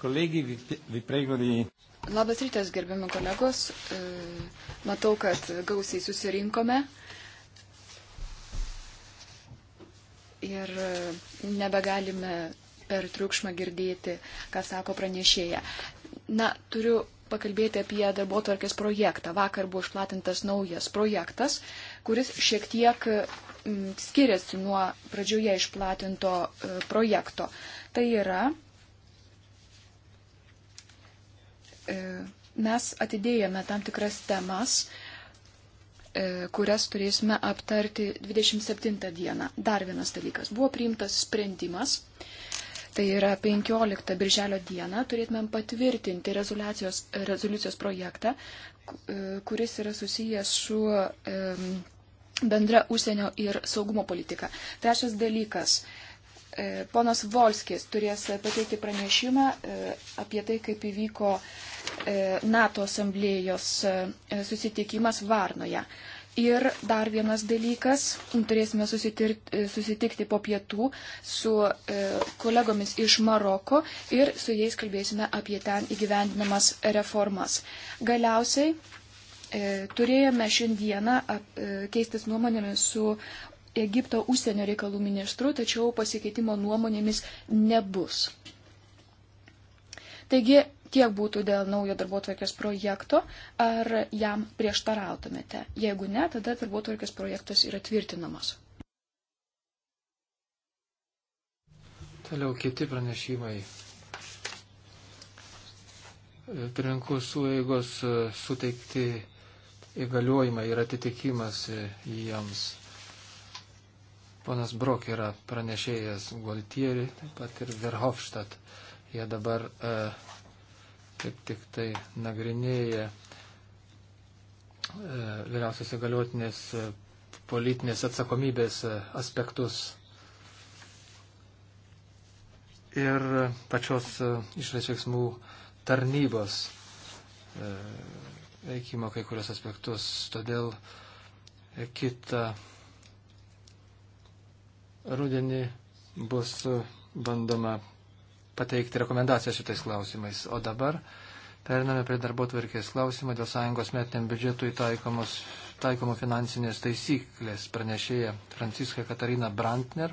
Kolegi, vi prego di. Labas rytas, gerbiami kolegos. E, matau, kad gausiai susirinkome. Ir nebegalime per triukšmą girdėti, ką sako pranešėja. Na, turiu pakalbėti apie darbo tvarkės projektą. Vakar buvo išplatintas naujas projektas, kuris šiek tiek mm, skiriasi nuo pradžioje išplatinto e, projekto. Tai yra E, mes atidėjome tam tikras temas, e, kurias turėsime aptarti 27 dieną. Dar vienas dalykas. Buvo priimtas sprendimas, tai yra 15 birželio dieną, turėtumėm patvirtinti rezoliucijos, rezoliucijos projektą, e, kuris yra susijęs su bendra užsienio ir saugumo politika. Trečias dalykas ponas Volskis turės pateikti pranešimą apie tai, kaip įvyko E, NATO asamblėjos e, susitikimas Varnoje. Ir dar vienas dalykas, turėsime e, susitikti po pietų su kolegomis iš Maroko ir su jais kalbėsime apie ten įgyvendinamas reformas. Galiausiai turėjome šiandieną keistis nuomonėmis su Egipto užsienio reikalų ministru, tačiau pasikeitimo nuomonėmis nebus. Taigi Tiek būtų dėl naujo darbotvarkės projekto, ar jam prieštarautumėte. Jeigu ne, tada darbotvarkės projektas yra tvirtinamas. Toliau kiti pranešimai. Pirminkų sueigos e, suteikti įgaliojimai ir atitikimas e, jiems. Ponas Brok yra pranešėjas Gualtieri, taip pat ir Verhofstadt. Jie dabar uh, kaip tik tai nagrinėja e, vyriausios įgaliotinės e, politinės atsakomybės e, aspektus. Ir pačios išrašveiksmų tarnybos veikimo kai kurios aspektus. Todėl kitą rudenį bus bandoma pateikti rekomendacijas šitais klausimais. O dabar periname prie darbo tvarkės klausimą dėl sąjungos metiniam biudžetui taikomos, taikomų finansinės taisyklės pranešėja Franciska Katarina Brantner.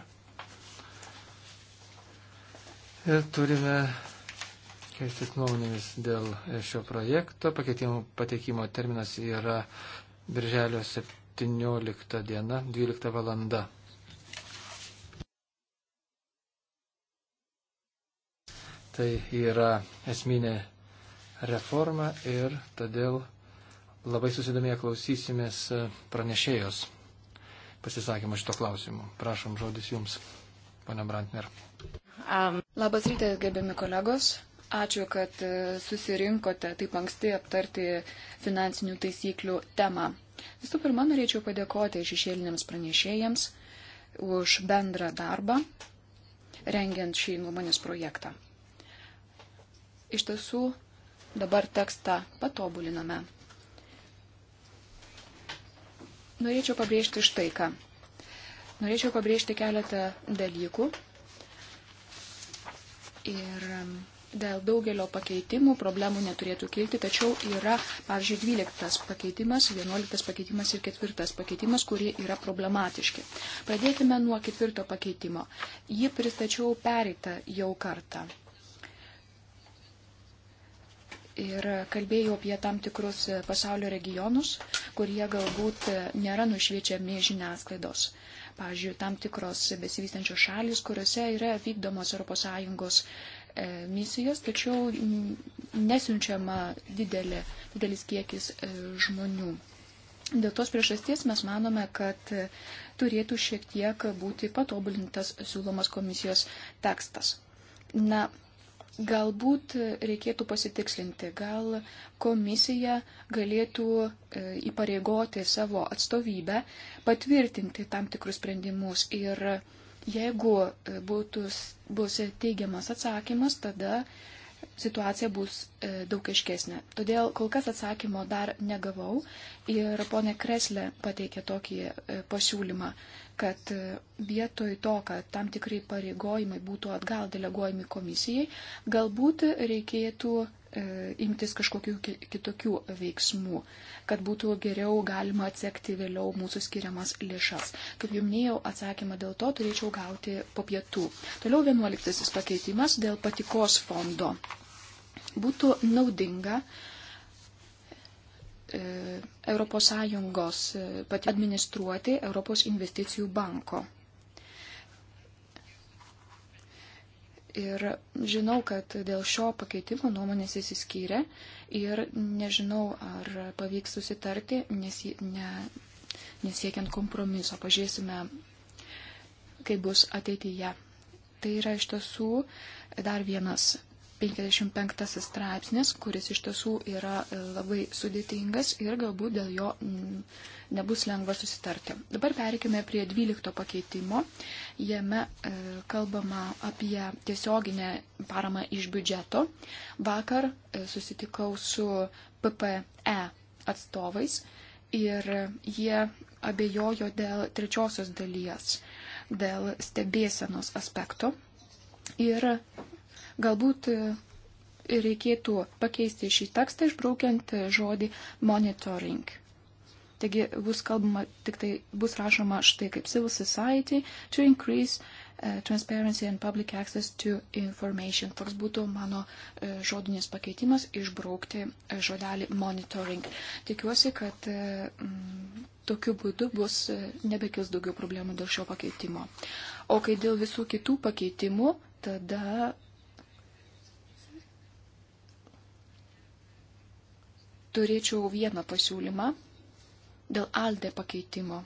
Ir turime keistis nuomonėmis dėl šio projekto. Pakeitimų pateikimo terminas yra birželio 17 diena, 12 valanda. Tai yra esminė reforma ir todėl labai susidomėję klausysimės pranešėjos pasisakymą šito klausimu. Prašom žodis Jums, ponia Brantner. Um, labas rytas, gerbiami kolegos. Ačiū, kad e, susirinkote taip anksti aptarti finansinių taisyklių temą. Visų pirma, norėčiau padėkoti šešėliniams pranešėjams už bendrą darbą, rengiant šį nuomonės projektą. Iš tiesų, dabar tekstą patobuliname. Norėčiau pabrėžti štai ką. Norėčiau pabrėžti keletą dalykų. Ir um, dėl daugelio pakeitimų problemų neturėtų kilti, tačiau yra, pavyzdžiui, 12 pakeitimas, 11 pakeitimas ir 4 pakeitimas, kurie yra problematiški. Pradėkime nuo ketvirto pakeitimo. Jį pristačiau pereitą jau kartą ir kalbėjau apie tam tikrus pasaulio regionus, kurie galbūt nėra nušviečiami žiniasklaidos. Pavyzdžiui, tam tikros besivystančios šalis, kuriuose yra vykdomos ES e, misijos, tačiau nesiunčiama didelė, didelis kiekis e, žmonių. Dėl tos priežasties mes manome, kad turėtų šiek tiek būti patobulintas siūlomas komisijos tekstas. Na, Galbūt reikėtų pasitikslinti, gal komisija galėtų e, įpareigoti savo atstovybę, patvirtinti tam tikrus sprendimus ir jeigu e, būtų, bus teigiamas atsakymas, tada situacija bus e, daug aiškesnė. Todėl kol kas atsakymo dar negavau ir ponė Kreslė pateikė tokį e, pasiūlymą, kad e, vietoj to, kad tam tikrai pareigojimai būtų atgal deleguojami komisijai, galbūt reikėtų E, imtis kažkokių kitokių veiksmų, kad būtų geriau galima atsekti vėliau mūsų skiriamas lėšas. Kaip jau minėjau, atsakymą dėl to turėčiau gauti po pietų. Toliau vienuoliktasis pakeitimas dėl patikos fondo. Būtų naudinga ES e, administruoti Europos investicijų banko Ir žinau, kad dėl šio pakeitimo nuomonės įsiskyrė ir nežinau, ar pavyks susitarti, nes, ne, nesiekiant kompromiso. Pažiūrėsime, kaip bus ateityje. Tai yra iš tiesų dar vienas 55 straipsnis, kuris iš tiesų yra e, labai sudėtingas ir galbūt dėl jo mm, nebus lengva susitarti. Dabar perikime prie 12 pakeitimo. Jame e, kalbama apie tiesioginę paramą iš biudžeto. Vakar e, susitikau su PPE atstovais ir jie abejojo dėl trečiosios dalies, dėl stebėsenos aspekto. Ir Galbūt e, reikėtų pakeisti šį tekstą išbraukiant e, žodį monitoring. Taigi bus kalbama, tik tai bus rašoma štai kaip civil society to increase uh, transparency and public access to information. Toks būtų mano uh, žodinis pakeitimas išbraukti uh, žodelį monitoring. Tikiuosi, kad uh, m, tokiu būdu bus uh, nebekils daugiau problemų dėl šio pakeitimo. O kai dėl visų kitų pakeitimų, tada turėčiau vieną pasiūlymą dėl ALDE pakeitimo.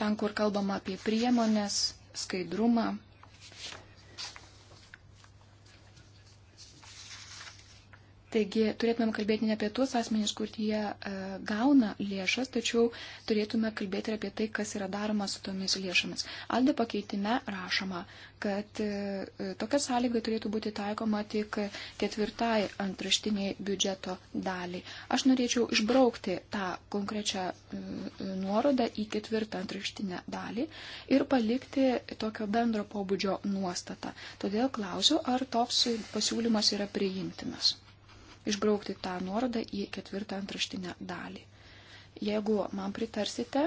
Ten, kur kalbama apie priemonės, skaidrumą, Taigi turėtumėm kalbėti ne apie tuos asmenys, kur jie e, gauna lėšas, tačiau turėtume kalbėti ir apie tai, kas yra daroma su tomis lėšomis. Alde pakeitime rašoma, kad e, e tokia sąlyga turėtų būti taikoma tik ketvirtai antraštiniai biudžeto daliai. Aš norėčiau išbraukti tą konkrečią e, e, nuorodą į ketvirtą antraštinę dalį ir palikti tokio bendro pobūdžio nuostatą. Todėl klausiu, ar toks pasiūlymas yra priimtinas išbraukti tą nuorodą į ketvirtą antraštinę dalį. Jeigu man pritarsite,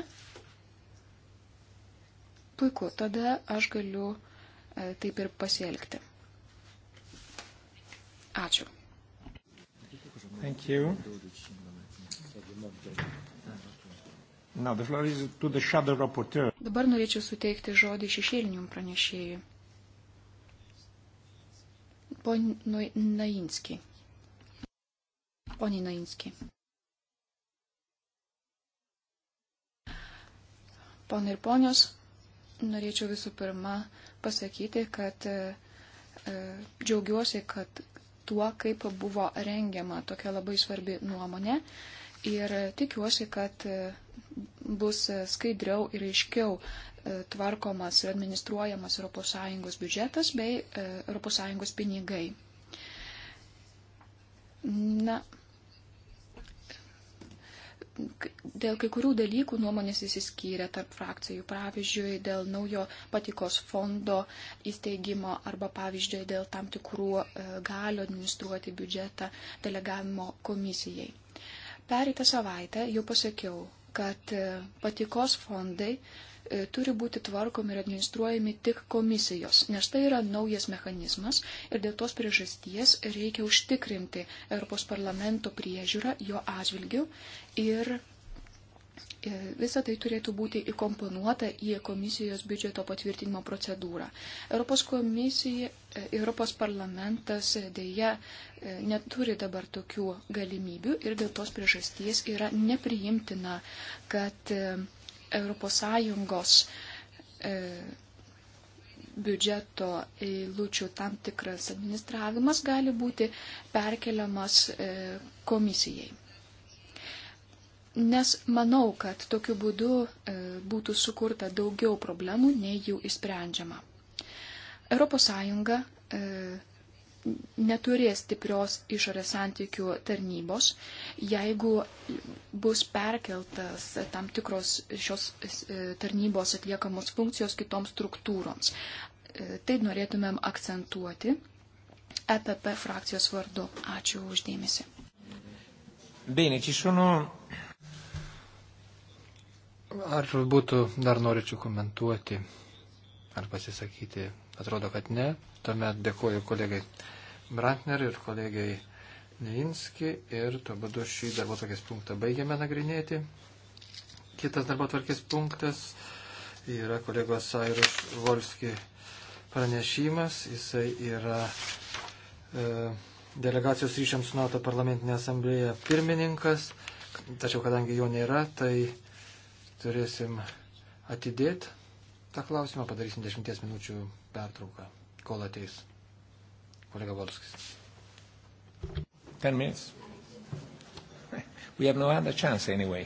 puiku, tada aš galiu e, taip ir pasielgti. Ačiū. Thank you. Now the floor is to the shadow rapporteur. Dabar norėčiau suteikti žodį šešėliniam pranešėjui. Ponui Nainskiai. Pone Nainski. Pone ir ponios, norėčiau visų pirma pasakyti, kad e, e, džiaugiuosi, kad tuo, kaip buvo rengiama tokia labai svarbi nuomonė ir tikiuosi, kad e, bus skaidriau ir aiškiau e, tvarkomas ir administruojamas ES biudžetas bei ES pinigai. Na, dėl kai kurių dalykų nuomonės įsiskyrė tarp frakcijų, pavyzdžiui, dėl naujo patikos fondo įsteigimo arba, pavyzdžiui, dėl tam tikrų e, galių administruoti biudžetą delegavimo komisijai. Pereitą savaitę jau pasakiau, kad e, patikos fondai E, turi būti tvarkomi ir administruojami tik komisijos, nes tai yra naujas mechanizmas ir dėl tos priežasties reikia užtikrinti Europos parlamento priežiūrą jo atžvilgiu ir e, Visą tai turėtų būti įkomponuota į komisijos biudžeto patvirtinimo procedūrą. Europos komisija, e, Europos parlamentas dėja neturi dabar tokių galimybių ir dėl tos priežasties yra nepriimtina, kad ES e, biudžeto eilučių tam tikras administravimas gali būti perkeliamas e, komisijai. Nes manau, kad tokiu būdu e, būtų sukurta daugiau problemų, nei jų įsprendžiama. ES neturės stiprios išorės santykių tarnybos, jeigu bus perkeltas tam tikros šios e, tarnybos atliekamos funkcijos kitoms struktūroms. E, tai norėtumėm akcentuoti EPP frakcijos vardu. Ačiū uždėmesi. Bene, ci sono. Ar būtų dar norėčiau komentuoti ar pasisakyti Atrodo, kad ne. Tuomet dėkoju kolegai Brantner ir kolegai Neinski ir tuo būdu šį darbo tvarkės punktą baigiame nagrinėti. Kitas darbo tvarkės punktas yra kolegos Sairus Volski pranešimas. Jisai yra e, delegacijos ryšiams su NATO parlamentinė asamblėje pirmininkas. Tačiau kadangi jo nėra, tai turėsim atidėti tą klausimą, padarysim dešimties minučių pertrauką, kol ateis kolega Volskis. Ten minutes. We have no other chance anyway.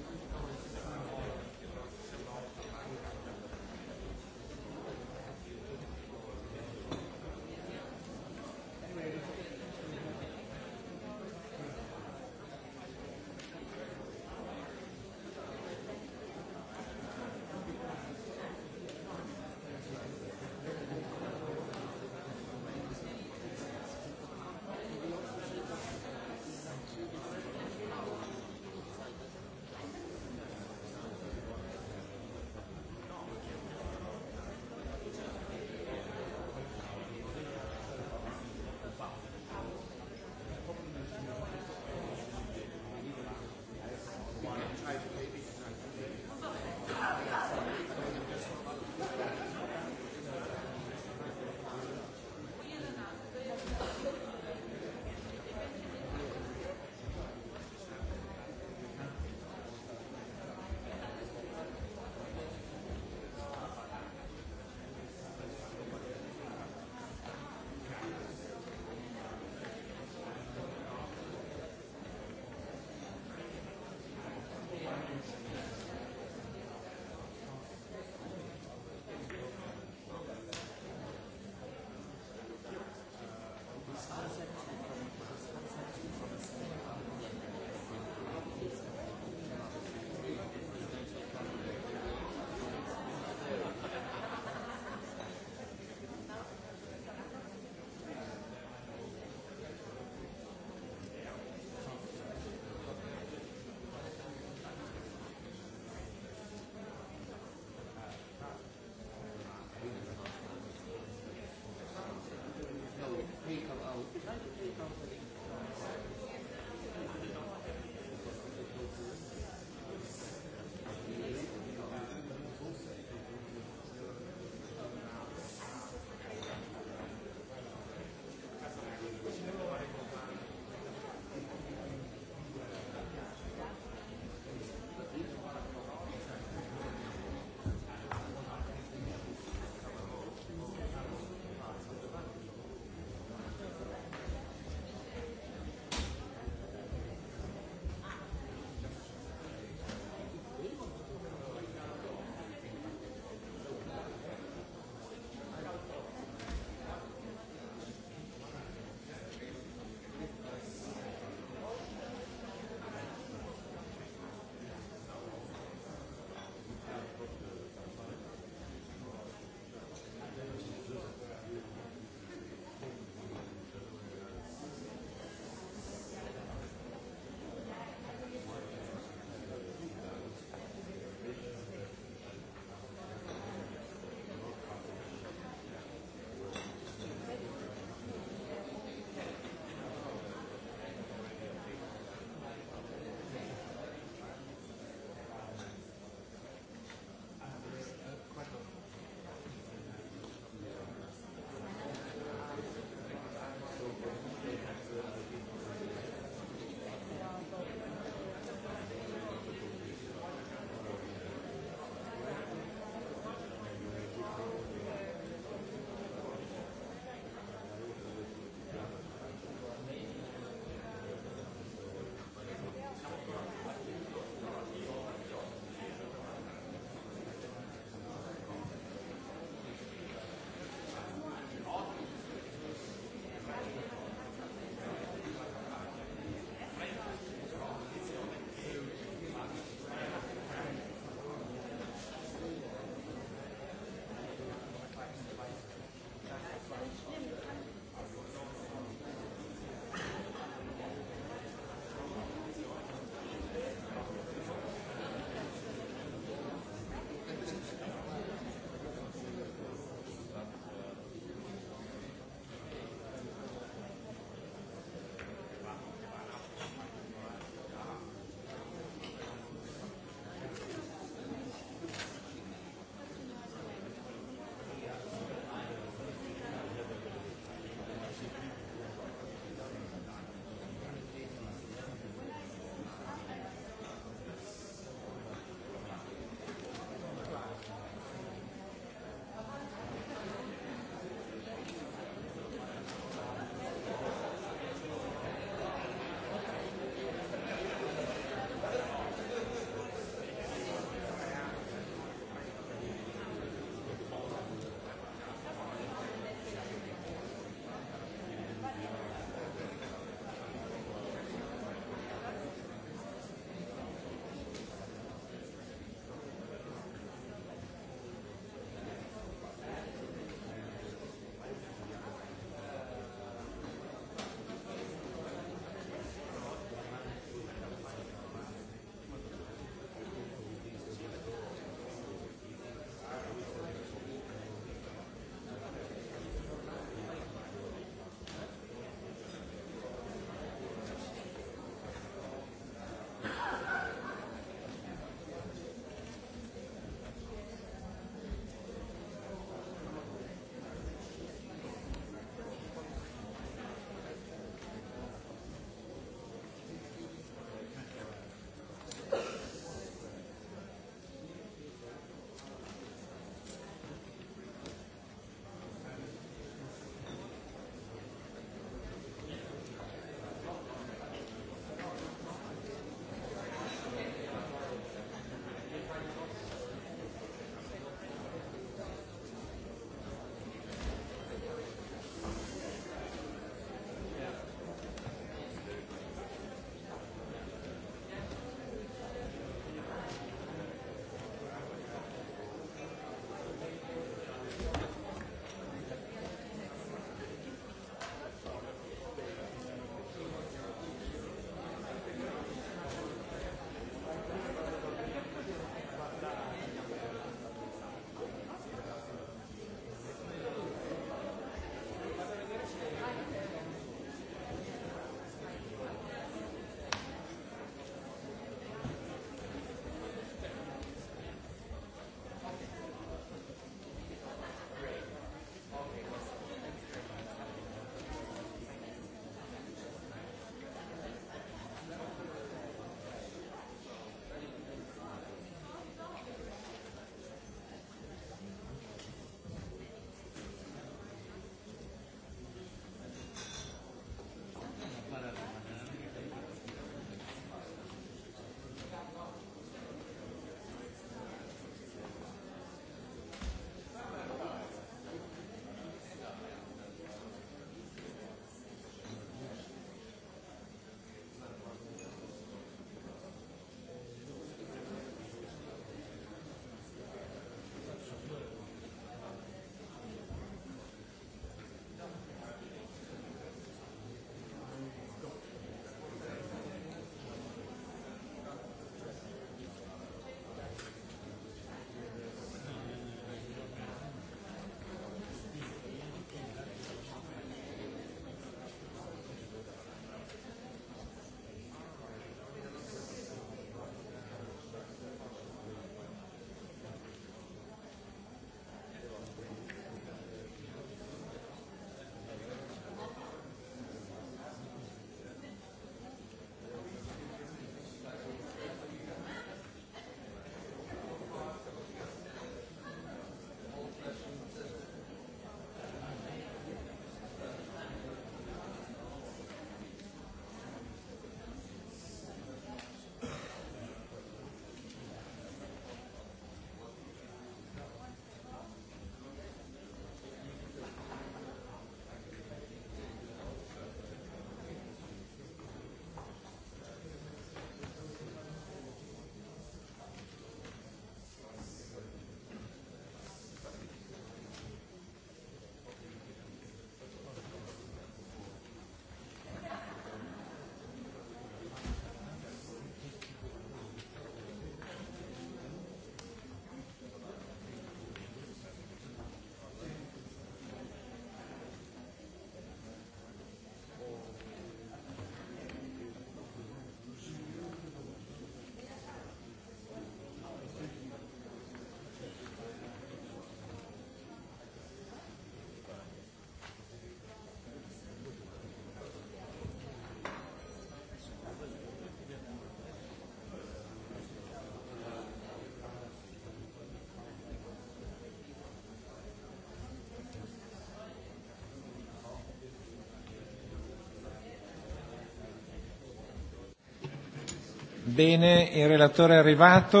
Bene, il relatore è arrivato.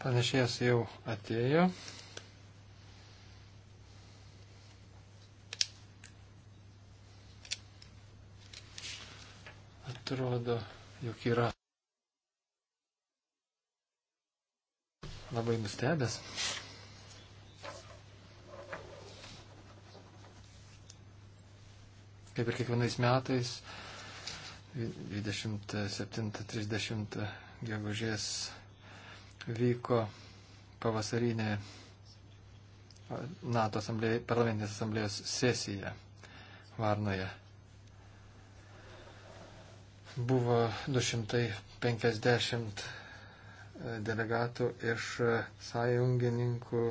Pranešėjas jau atėjo. Atrodo, jog yra labai nustebęs. Kaip ir kiekvienais metais 27-30 gegužės vyko pavasarinė NATO asamblėje, parlamentinės asamblėjos sesija Varnoje. Buvo 250 delegatų iš sąjungininkų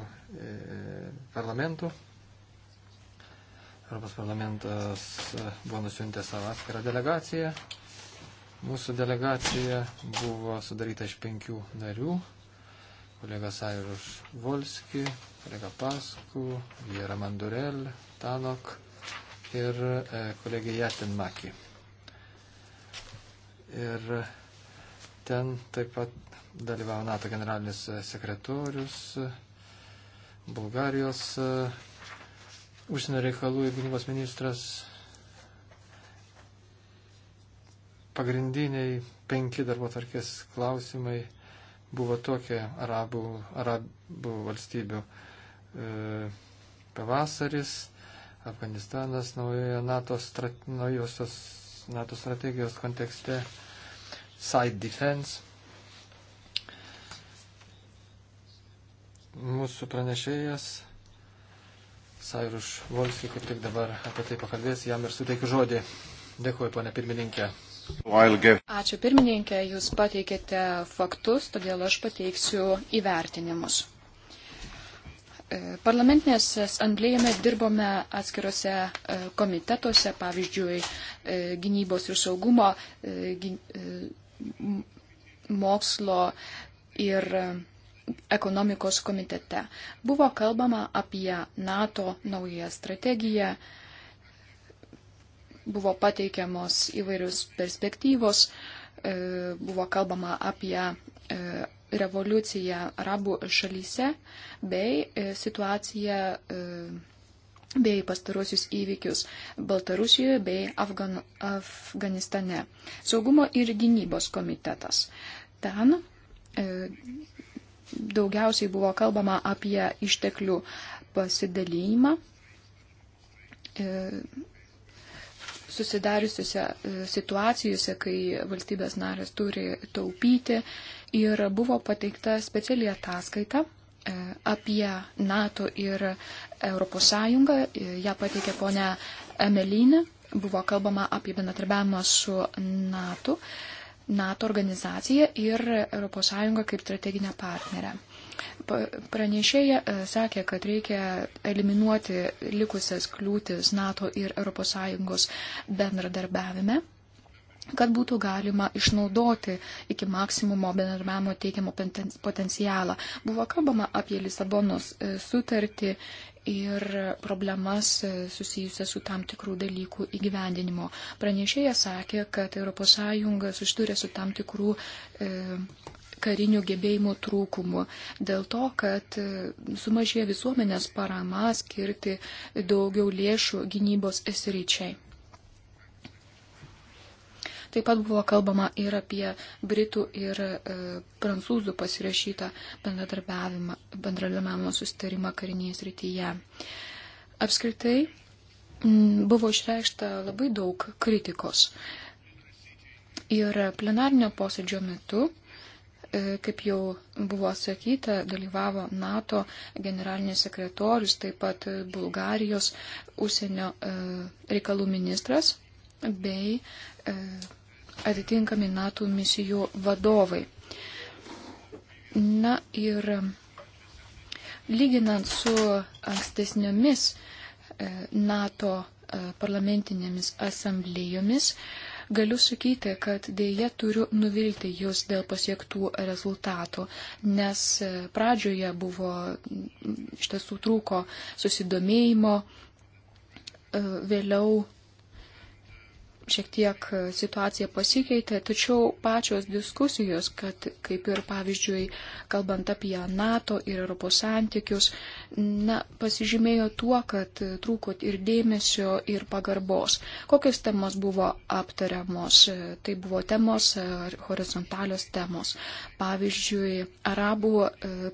parlamentų Europos parlamentas buvo nusiuntęs savo atskirą delegaciją. Mūsų delegacija buvo sudaryta iš penkių narių. Kolega Sairus Volski, kolega Pasku, Viera Mandurel, Tanok ir e, kolegė Jatinmaki. Ir ten taip pat dalyvavo NATO generalinis sekretorius, Bulgarijos užsienio reikalų ir gynybos ministras pagrindiniai penki darbo tarkės klausimai buvo tokie arabų, arabų valstybių e, pavasaris, Afganistanas naujoje NATO, strat, naujosios NATO strategijos kontekste, side defense. Mūsų pranešėjas Sairus Volski, kaip tik dabar apie tai pakalbės, jam ir suteikiu žodį. Dėkuoju, ponė pirmininkė. Ačiū pirmininkė, jūs pateikėte faktus, todėl aš pateiksiu įvertinimus. E, Parlamentinės anglėjame dirbome atskirose e, komitetuose, pavyzdžiui, e, gynybos ir saugumo, mokslo ir ekonomikos komitete. Buvo kalbama apie NATO naują strategiją, buvo pateikiamos įvairius perspektyvos, e, buvo kalbama apie e, revoliuciją arabų šalyse bei e, situaciją bei pastaruosius įvykius Baltarusijoje bei Afgan Afganistane. Saugumo ir gynybos komitetas. Ten e, daugiausiai buvo kalbama apie išteklių pasidalymą e, susidariusiuose e, situacijose, kai valstybės narės turi taupyti ir buvo pateikta speciali ataskaita e, apie NATO ir ES, ją pateikė ponia Emelinė, buvo kalbama apie bendradarbiavimą su NATO NATO organizaciją ir ES kaip strateginę partnerę. Pranešėja e, sakė, kad reikia eliminuoti likusias kliūtis NATO ir ES bendradarbiavime kad būtų galima išnaudoti iki maksimumo bendradarbiavimo teikiamo potencialą. Buvo kalbama apie Lisabonos e, sutartį ir problemas susijusias su tam tikrų dalykų įgyvendinimo. Pranešėjas sakė, kad ES susidūrė su tam tikrų e, karinių gebėjimų trūkumu, dėl to, kad e, sumažėjo visuomenės parama skirti daugiau lėšų gynybos esryčiai. Taip pat buvo kalbama ir apie Britų ir e, Prancūzų pasirašytą bendradarbiavimo sustarimą karinėje srityje. Apskritai m, buvo išreikšta labai daug kritikos. Ir plenarnio posėdžio metu e, kaip jau buvo sakyta, dalyvavo NATO generalinis sekretorius, taip pat Bulgarijos užsienio e, reikalų ministras bei e, atitinkami NATO misijų vadovai. Na ir lyginant su ankstesniomis e, NATO e, parlamentinėmis asamblėjomis, galiu sakyti, kad dėje turiu nuvilti jūs dėl pasiektų rezultatų, nes e, pradžioje buvo iš tiesų trūko susidomėjimo, vėliau šiek tiek e, situacija pasikeitė, tačiau pačios diskusijos, kad kaip ir pavyzdžiui, kalbant apie NATO ir Europos santykius, na, pasižymėjo tuo, kad trūko ir dėmesio, ir pagarbos. Kokios temos buvo aptariamos? E, tai buvo temos ar e, horizontalios temos. Pavyzdžiui, arabų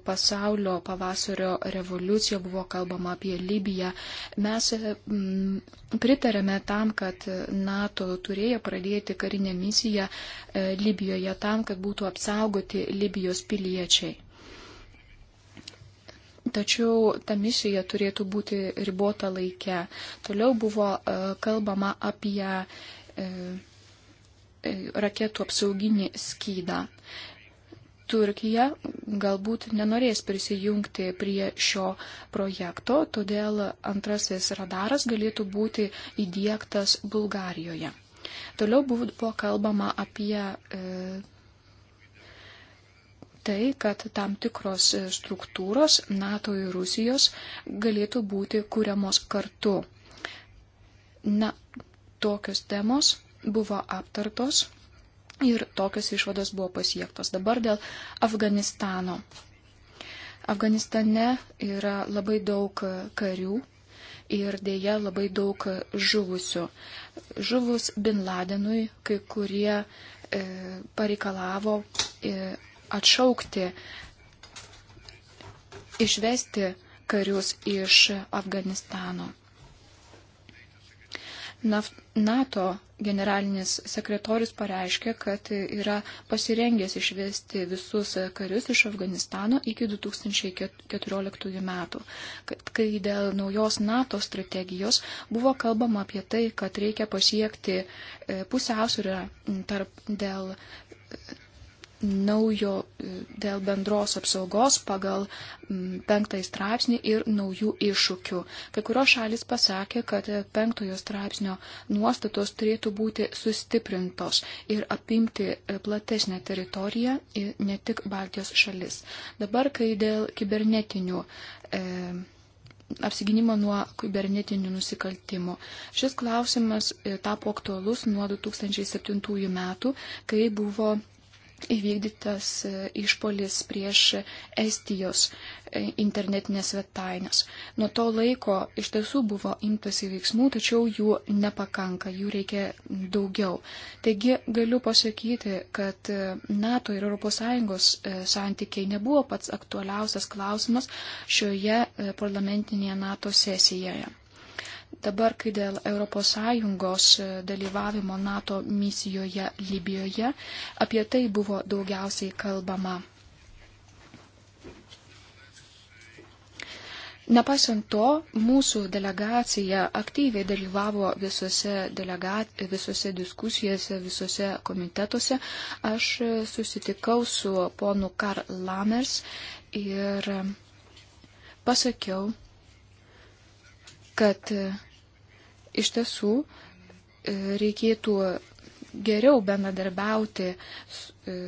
pasaulio pavasario revoliucija buvo kalbama apie Libiją. Mes mm, Pritarėme tam, kad NATO turėjo pradėti karinę misiją e, Libijoje tam, kad būtų apsaugoti Libijos piliečiai. Tačiau ta misija turėtų būti ribota laike. Toliau buvo e, kalbama apie e, raketų apsauginį skydą. Turkija galbūt nenorės prisijungti prie šio projekto, todėl antrasis radaras galėtų būti įdėktas Bulgarijoje. Toliau buvo kalbama apie e, tai, kad tam tikros e, struktūros NATO ir Rusijos galėtų būti kūriamos kartu. Na, tokios temos buvo aptartos Ir tokios išvados buvo pasiektos. Dabar dėl Afganistano. Afganistane yra labai daug karių ir dėja labai daug žuvusių. Žuvus Bin Ladenui kai kurie e, pareikalavo e, atšaukti, išvesti karius iš Afganistano. NATO generalinis sekretorius pareiškė, kad yra pasirengęs išvesti visus karius iš Afganistano iki 2014 metų. Kad, kai dėl naujos NATO strategijos buvo kalbama apie tai, kad reikia pasiekti e, pusiausvyrą tarp dėl naujo e, dėl bendros apsaugos pagal penktąjį straipsnį ir naujų iššūkių. Kai kurios šalis pasakė, kad e, penktojo straipsnio nuostatos turėtų būti sustiprintos ir apimti e, platesnę teritoriją, ne tik Baltijos šalis. Dabar, kai dėl kibernetinių. E, apsiginimo nuo kibernetinių nusikaltimų. Šis klausimas tapo aktualus nuo 2007 metų, kai buvo įvykdytas e, išpolis prieš Estijos e, internetinės svetainės. Nuo to laiko iš tiesų buvo imtasi veiksmų, tačiau jų nepakanka, jų reikia daugiau. Taigi galiu pasakyti, kad e, NATO ir ES santykiai nebuvo pats aktualiausias klausimas šioje parlamentinėje NATO sesijoje. Dabar, kai dėl ES e, dalyvavimo NATO misijoje Libijoje, apie tai buvo daugiausiai kalbama. Nepaisant to, mūsų delegacija aktyviai dalyvavo visose, delega... visose diskusijose, visose komitetuose. Aš e, susitikau su ponu Karl Lamers ir pasakiau, kad e, iš tiesų e, reikėtų geriau bendradarbiauti, e,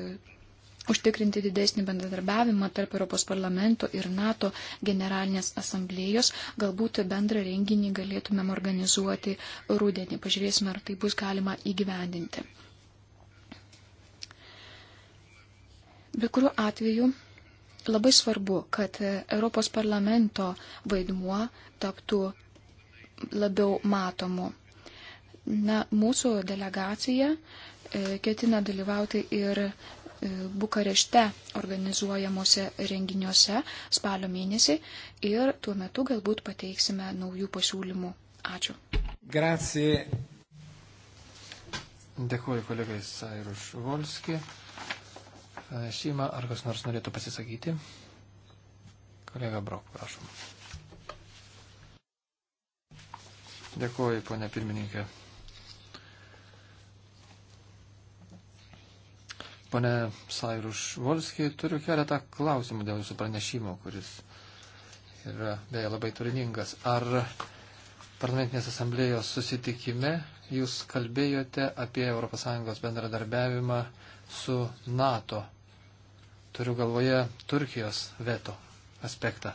užtikrinti didesnį bendradarbiavimą tarp Europos parlamento ir NATO generalinės asamblėjos. Galbūt bendrą renginį galėtumėm organizuoti rūdienį. Pažiūrėsime, ar tai bus galima įgyvendinti. Bet kuriuo atveju labai svarbu, kad Europos parlamento vaidmuo taptų labiau matomu. Na, mūsų delegacija e, ketina dalyvauti ir e, Bukarešte organizuojamuose renginiuose spalio mėnesį ir tuo metu galbūt pateiksime naujų pasiūlymų. Ačiū. Grazie. Dėkuoju kolegai Sairuš Volski. Šeima, ar kas nors norėtų pasisakyti? Kolega Brok, prašom. Dėkuoju, ponė pirmininkė. Pone Sairuš Volskiai, turiu keletą klausimų dėl jūsų pranešimo, kuris yra beje labai turiningas. Ar parlamentinės asamblėjos susitikime jūs kalbėjote apie ES bendradarbiavimą su NATO? Turiu galvoje Turkijos veto aspektą.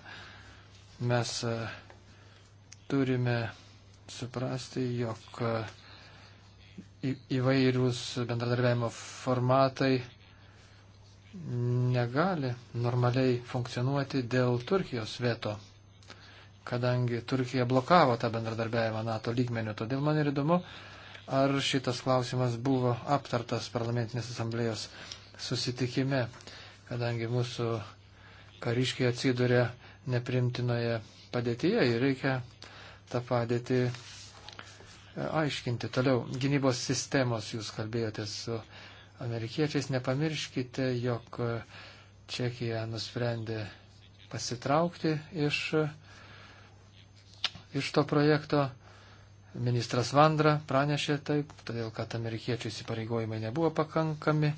Mes e, turime suprasti, jog įvairūs bendradarbiavimo formatai negali normaliai funkcionuoti dėl Turkijos veto, kadangi Turkija blokavo tą bendradarbiavimą NATO lygmeniu. Todėl man ir įdomu, ar šitas klausimas buvo aptartas parlamentinės asamblėjos susitikime, kadangi mūsų kariškiai atsiduria neprimtinoje padėtyje ir reikia tą padėtį e, aiškinti. Toliau, gynybos sistemos jūs kalbėjote su amerikiečiais. Nepamirškite, jog e, Čekija nusprendė pasitraukti iš, iš to projekto. Ministras Vandra pranešė taip, todėl kad amerikiečių įsipareigojimai nebuvo pakankami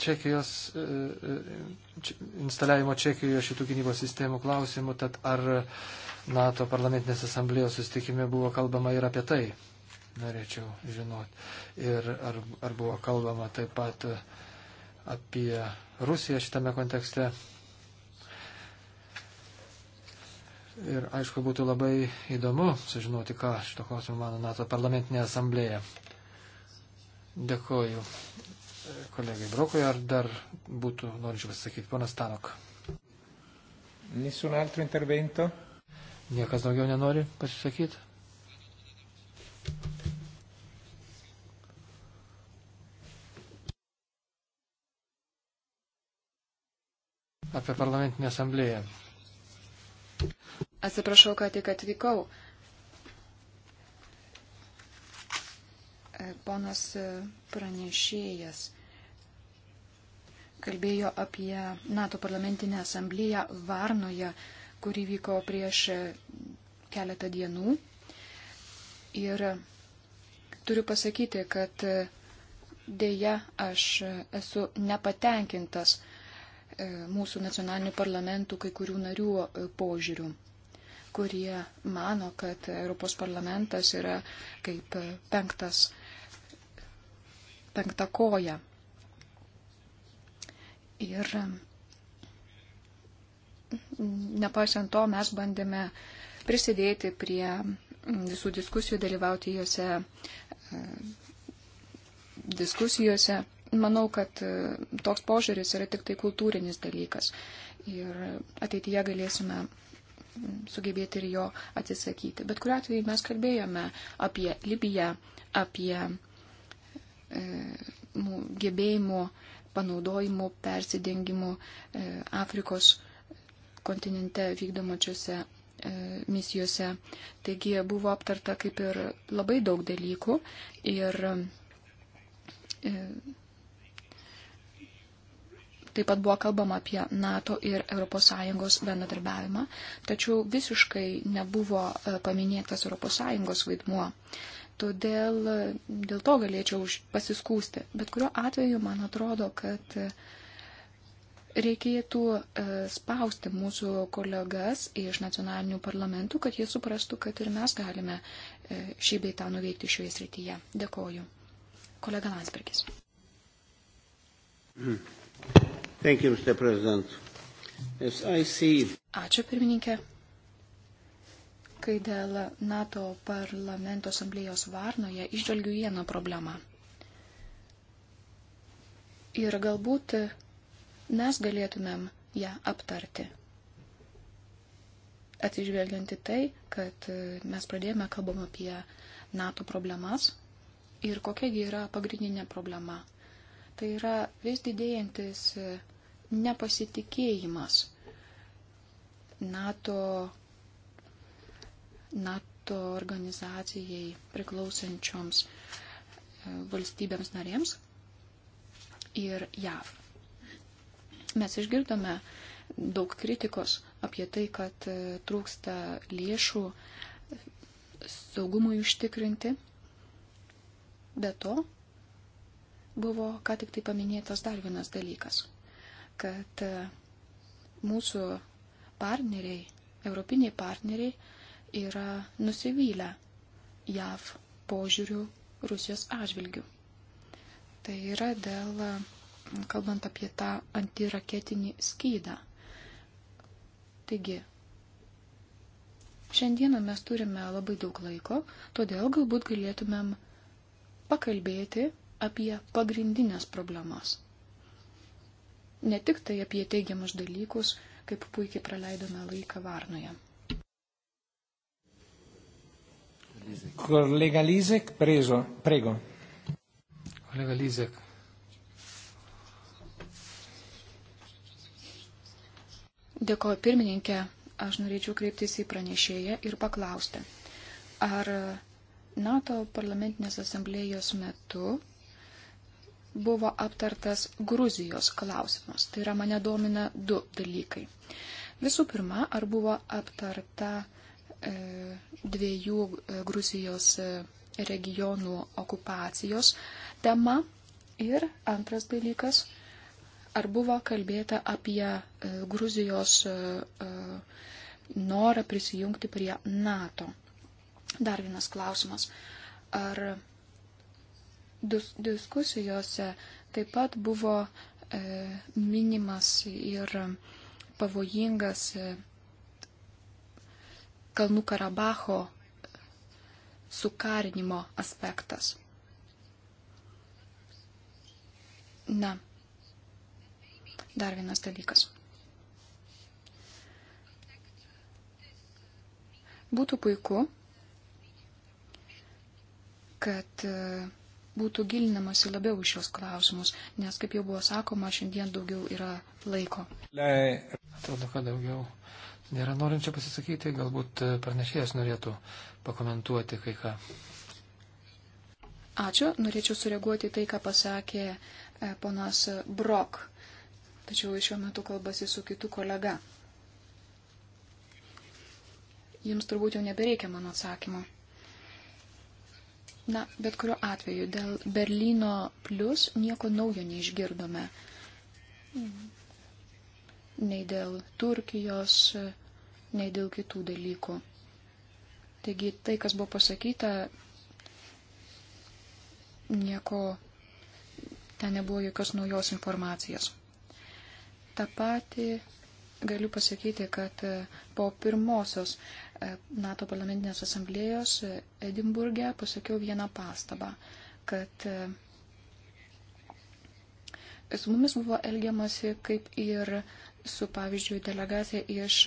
Čekijos, e, e, instaliavimo Čekijoje šitų gynybos sistemų klausimų, tad ar NATO parlamentinės asamblėjos sustikime buvo kalbama ir apie tai, norėčiau žinoti. Ir ar, ar buvo kalbama taip pat apie Rusiją šitame kontekste. Ir aišku, būtų labai įdomu sužinoti, ką šito klausimu mano NATO parlamentinė asamblėja. Dėkoju kolegai Brokui, ar dar būtų norinčių pasakyti, ponas Tanok. Nessun altro intervento? Niekas daugiau nenori pasisakyti? Apie parlamentinę asamblėją. Atsiprašau, kad tik atvykau. Ponas pranešėjas kalbėjo apie NATO parlamentinę asamblėją Varnoje, kuri vyko prieš e, keletą dienų. Ir turiu pasakyti, kad e, dėja aš e, esu nepatenkintas mūsų nacionalinių parlamentų kai kurių narių požiūrių kurie mano, kad Europos parlamentas yra kaip penktas, penkta koja Ir nepaisant to, mes bandėme prisidėti prie visų diskusijų, dalyvauti jose e, diskusijose. Manau, kad e, toks požiūris yra tik tai kultūrinis dalykas ir ateityje galėsime sugebėti ir jo atsisakyti. Bet kuriu atveju mes kalbėjome apie Libiją, apie e, gebėjimų panaudojimu, persidengimu e, Afrikos kontinente vykdomačiose e, misijose. Taigi buvo aptarta kaip ir labai daug dalykų ir e, taip pat buvo kalbama apie NATO ir ES bendradarbiavimą, tačiau visiškai nebuvo paminėtas ES vaidmuo. Todėl dėl to galėčiau pasiskūsti. Bet kuriuo atveju man atrodo, kad e, reikėtų e, spausti mūsų kolegas iš nacionalinių parlamentų, kad jie suprastų, kad ir mes galime e, šį beitą nuveikti šioje srityje. Dėkoju. Kolega Landsbergis. Mhm. Thank you, Mr. President. Yes, I see. Ačiū, pirmininkė kai dėl NATO parlamento asamblėjos Varnoje išvelgiu vieną problemą. Ir galbūt mes galėtumėm ją aptarti. Atsižvelgianti tai, kad mes pradėjome kalbam apie NATO problemas ir kokiagi yra pagrindinė problema. Tai yra vis didėjantis nepasitikėjimas NATO NATO organizacijai priklausančioms e, valstybėms narėms ir JAV. Mes išgirdome daug kritikos apie tai, kad e, trūksta lėšų saugumui užtikrinti. Be to, buvo ką tik tai paminėtas dar vienas dalykas, kad e, mūsų partneriai, europiniai partneriai, yra nusivylę JAV požiūrių Rusijos atžvilgių. Tai yra dėl, kalbant apie tą antiraketinį skydą. Taigi, šiandieną mes turime labai daug laiko, todėl galbūt galėtumėm pakalbėti apie pagrindinės problemas. Ne tik tai apie teigiamus dalykus, kaip puikiai praleidome laiką Varnoje. Kolega Lizek, prezo, prego. Kolega Lizek. Dėkoju pirmininkė, aš norėčiau kreiptis į pranešėją ir paklausti, ar NATO parlamentinės asamblėjos metu buvo aptartas Gruzijos klausimas. Tai yra mane domina du dalykai. Visų pirma, ar buvo aptarta uh, E, dviejų e, Gruzijos e, regionų okupacijos tema. Ir antras dalykas, ar buvo kalbėta apie Gruzijos norą prisijungti prie NATO. Dar vienas klausimas. Ar dis diskusijose taip pat buvo minimas ir pavojingas Kalnų Karabacho sukarinimo aspektas. Na, dar vienas dalykas. Būtų puiku, kad e, būtų gilinamasi labiau už šios klausimus, nes, kaip jau buvo sakoma, šiandien daugiau yra laiko. Atrodo, kad daugiau Nėra norinčio pasisakyti, galbūt e, pranešėjas norėtų pakomentuoti kai ką. Ačiū, norėčiau sureaguoti tai, ką pasakė e, ponas Brok, tačiau šiuo metu kalbasi su kitu kolega. Jums turbūt jau nebereikia mano atsakymo. Na, bet kuriuo atveju, dėl Berlyno plus nieko naujo neišgirdome. Nei dėl Turkijos, nei dėl kitų dalykų. Taigi tai, kas buvo pasakyta, nieko, ten nebuvo jokios naujos informacijos. Ta pati galiu pasakyti, kad e, po pirmosios e, NATO parlamentinės asamblėjos e, Edimburgė pasakiau vieną pastabą, kad su mumis buvo elgiamasi kaip ir su, pavyzdžiui, delegacija iš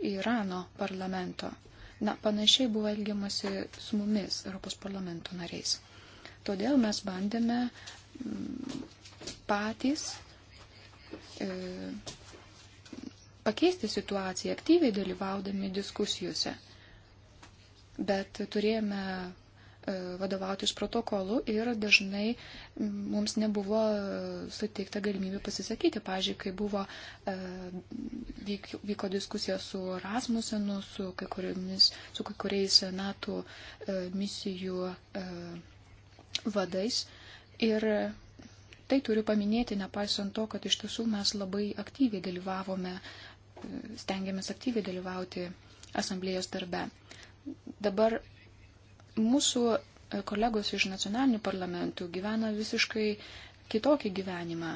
Irano parlamento. Na, panašiai buvo elgiamasi su mumis, Europos parlamento nariais. Todėl mes bandėme mm, patys e, pakeisti situaciją, aktyviai dalyvaudami diskusijose. Bet turėjome E, vadovautis protokolu ir dažnai mums nebuvo suteikta galimybė pasisakyti. Pavyzdžiui, kai buvo, e, vyko diskusija su Rasmusenu, su kai, kuriomis, su kai kuriais NATO e, misijų vadais. Ir tai turiu paminėti, nepaisant to, kad iš tiesų mes labai aktyviai dalyvavome, stengiamės aktyviai dalyvauti asamblėjos darbe. Dabar Mūsų e, kolegos iš nacionalinių parlamentų gyvena visiškai kitokį gyvenimą.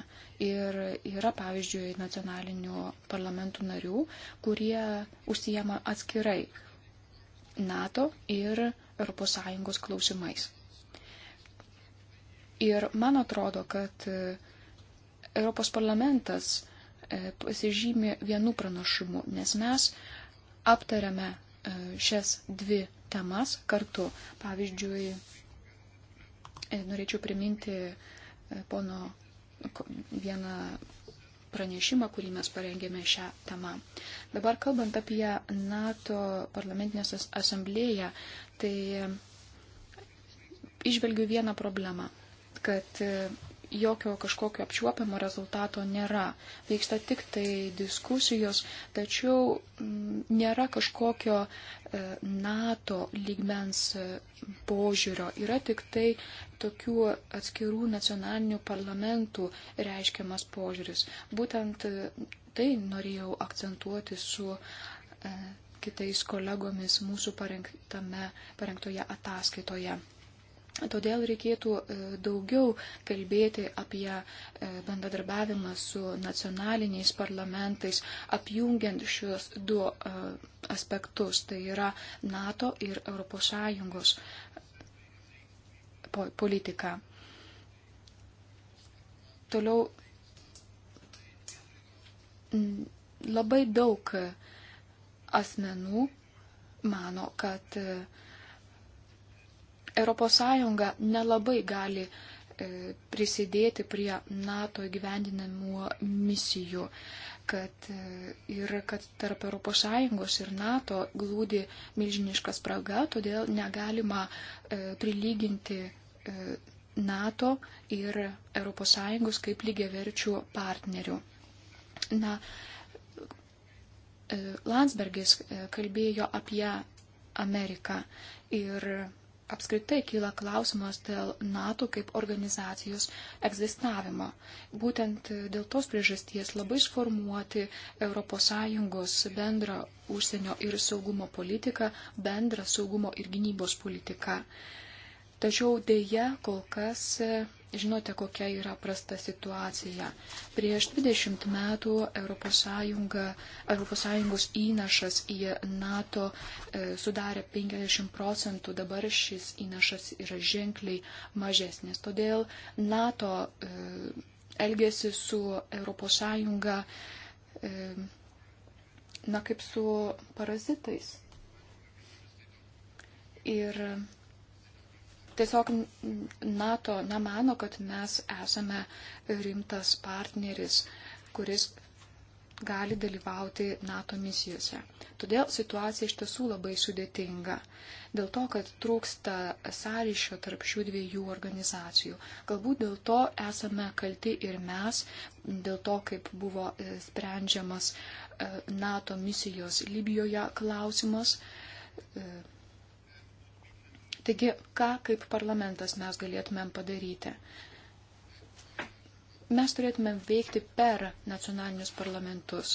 Ir yra, pavyzdžiui, nacionalinių parlamentų narių, kurie užsijama atskirai NATO ir ES klausimais. Ir man atrodo, kad e, Europos parlamentas e, pasižymi vienu pranašumu, nes mes aptariame šias dvi temas kartu. Pavyzdžiui, e, norėčiau priminti e, pono vieną pranešimą, kurį mes parengėme šią temą. Dabar kalbant apie NATO parlamentinės asamblėją, tai e, išvelgiu vieną problemą, kad jokio kažkokio apčiuopiamo rezultato nėra. Vyksta tik tai diskusijos, tačiau mm, nėra kažkokio e, NATO lygmens e, požiūrio. Yra tik tai tokių atskirų nacionalinių parlamentų reiškiamas požiūris. Būtent e, tai norėjau akcentuoti su kitais kolegomis mūsų parengtame, parengtoje ataskaitoje. Todėl reikėtų e, daugiau kalbėti apie e, bendradarbiavimą su nacionaliniais parlamentais, apjungiant šios du e, aspektus, tai yra NATO ir ES politiką. Toliau labai daug asmenų mano, kad ES nelabai gali e, prisidėti prie NATO įgyvendinamų misijų kad e, ir kad tarp ES ir NATO glūdi milžiniška spraga, todėl negalima e, prilyginti NATO ir ES kaip lygiaverčių partnerių. Na, Landsbergis kalbėjo apie Ameriką ir apskritai kyla klausimas dėl NATO kaip organizacijos egzistavimo. Būtent dėl tos priežasties labai sformuoti ES bendrą užsienio ir saugumo politiką, bendrą saugumo ir gynybos politiką. Tačiau dėja kol kas Žinote, kokia yra prasta situacija. Prieš 20 metų ES, ES įnašas į NATO e, sudarė 50 procentų, dabar šis įnašas yra ženkliai mažesnis. Todėl NATO e, elgesi su ES, e, na kaip su parazitais. Ir tiesiog NATO nemano, kad mes esame rimtas partneris, kuris gali dalyvauti NATO misijose. Todėl situacija iš tiesų labai sudėtinga. Dėl to, kad trūksta sąryšio tarp šių dviejų organizacijų. Galbūt dėl to esame kalti ir mes, dėl to, kaip buvo e, sprendžiamas e, NATO misijos Libijoje klausimas. E, Taigi, ką kaip parlamentas mes galėtumėm padaryti? Mes turėtumėm veikti per nacionalinius parlamentus,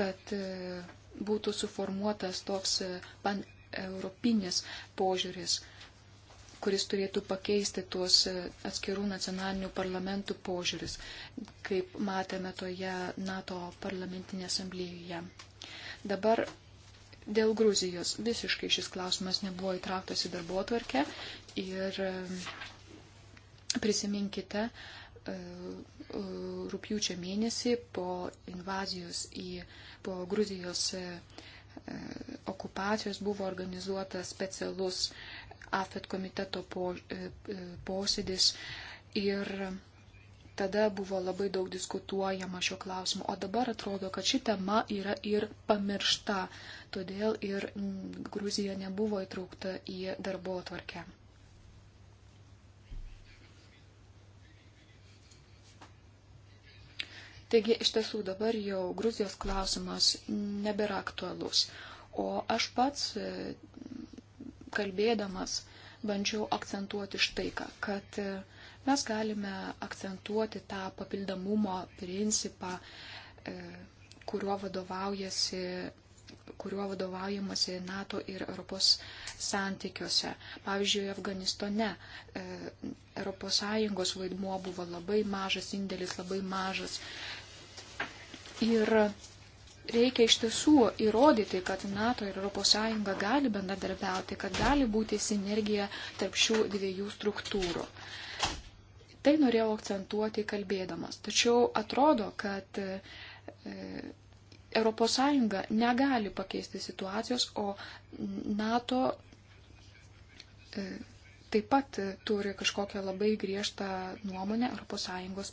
kad e, būtų suformuotas toks e, pan-europinis požiūris, kuris turėtų pakeisti tuos e, atskirų nacionalinių parlamentų požiūris, kaip matėme toje NATO parlamentinėje asamblėjoje. Dabar Dėl Gruzijos visiškai šis klausimas nebuvo įtrauktas į darbo atvarkę ir e, prisiminkite, e, e, rūpjūčio mėnesį po invazijos į, po Gruzijos okupacijos buvo organizuotas specialus AFET komiteto posėdis ir Tada buvo labai daug diskutuojama šio klausimu, o dabar atrodo, kad ši tema yra ir pamiršta, todėl ir mm, Gruzija nebuvo įtraukta į darbo atvarkę. Taigi iš tiesų dabar jau Gruzijos klausimas nebėra aktualus, o aš pats mm, kalbėdamas bandžiau akcentuoti štai ką, kad mes galime akcentuoti tą papildomumo principą, e, kuriuo vadovaujasi kuriuo vadovaujamasi NATO ir Europos santykiuose. Pavyzdžiui, Afganistane ES vaidmuo buvo labai mažas, indėlis labai mažas. Ir reikia iš tiesų įrodyti, kad NATO ir ES gali bendradarbiauti, kad gali būti sinergija tarp šių dviejų struktūrų. Tai norėjau akcentuoti kalbėdamas. Tačiau atrodo, kad ES negali pakeisti situacijos, o NATO e, taip pat turi kažkokią labai griežtą nuomonę ES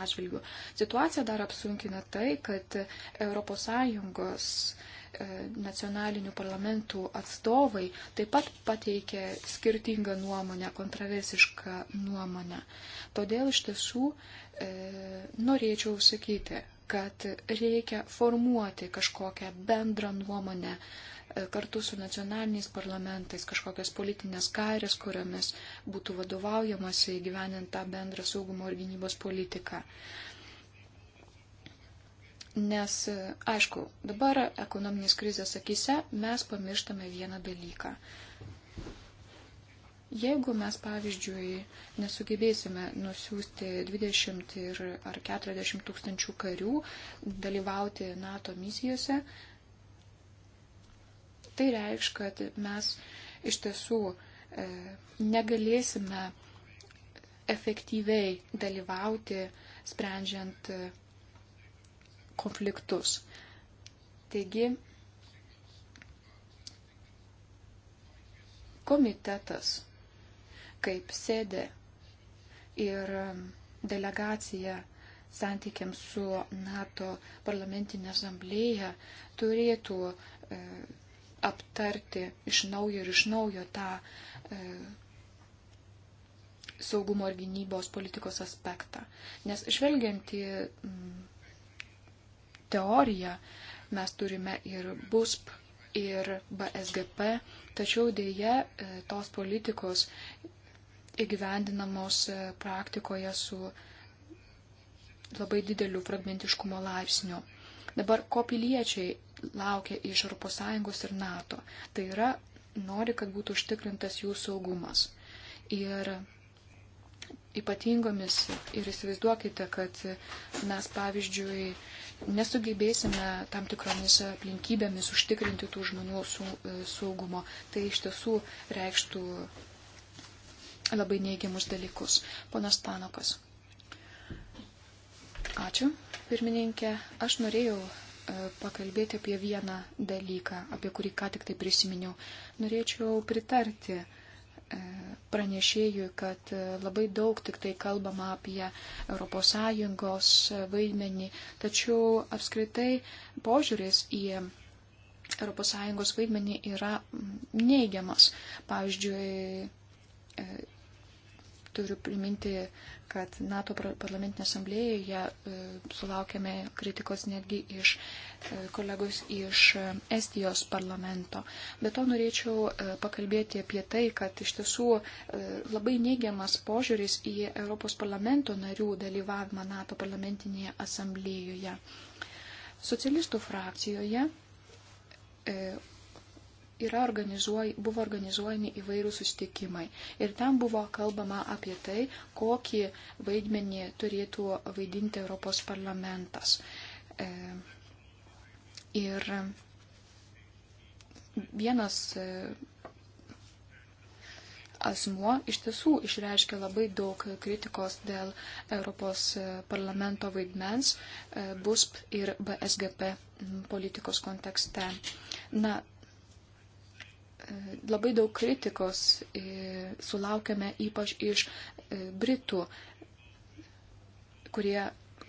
atžvilgių. Situaciją dar apsunkina tai, kad ES E, nacionalinių parlamentų atstovai taip pat pateikė skirtingą nuomonę, kontroversišką nuomonę. Todėl iš tiesų e, norėčiau sakyti, kad reikia formuoti kažkokią bendrą nuomonę e, kartu su nacionaliniais parlamentais, kažkokias politinės kairės, kuriomis būtų vadovaujamasi įgyvenint tą bendrą saugumo ir gynybos politiką. Nes, aišku, dabar ekonominės krizės akise mes pamirštame vieną dalyką. Jeigu mes, pavyzdžiui, nesugebėsime nusiųsti 20 ir, ar 40 tūkstančių karių dalyvauti NATO misijose, tai reikš, kad mes iš tiesų e, negalėsime efektyviai dalyvauti sprendžiant e, konfliktus. Taigi, komitetas kaip sėdė ir delegacija santykiams su NATO parlamentinė asamblėja turėtų e, aptarti iš naujo ir iš naujo tą e, saugumo ir gynybos politikos aspektą. Nes žvelgiant į m, teoriją. Mes turime ir BUSP, ir BSGP, tačiau dėje e, tos politikos įgyvendinamos e, praktikoje su labai dideliu fragmentiškumo laipsniu. Dabar ko piliečiai laukia iš ES ir NATO? Tai yra, nori, kad būtų užtikrintas jų saugumas. Ir ypatingomis ir įsivaizduokite, kad mes pavyzdžiui nesugebėsime tam tikromis aplinkybėmis užtikrinti tų žmonių e, saugumo, tai iš tiesų reikštų labai neigiamus dalykus. Ponas Tanokas. Ačiū, pirmininkė. Aš norėjau e, pakalbėti apie vieną dalyką, apie kurį ką tik tai prisiminiau. Norėčiau pritarti uh, E, pranešėjui, kad e, labai daug tik tai kalbama apie ES e, vaidmenį, tačiau apskritai požiūris į ES vaidmenį yra neigiamas. Pavyzdžiui, turiu priminti, kad NATO parlamentinė asamblėje e, sulaukėme kritikos netgi iš e, kolegos iš e, Estijos parlamento. Bet to norėčiau pakalbėti apie tai, kad iš tiesų labai neigiamas požiūris į Europos parlamento narių dalyvavimą NATO parlamentinėje asamblėjoje. Socialistų frakcijoje organizuoj, buvo organizuojami įvairūs sustikimai. Ir ten buvo kalbama apie tai, kokį vaidmenį turėtų vaidinti Europos parlamentas. E, ir vienas e, asmuo iš tiesų išreiškė labai daug kritikos dėl Europos e, parlamento vaidmens e, BUSP ir BSGP politikos kontekste. Na, Labai daug kritikos e, sulaukėme ypač iš e, Britų, kurie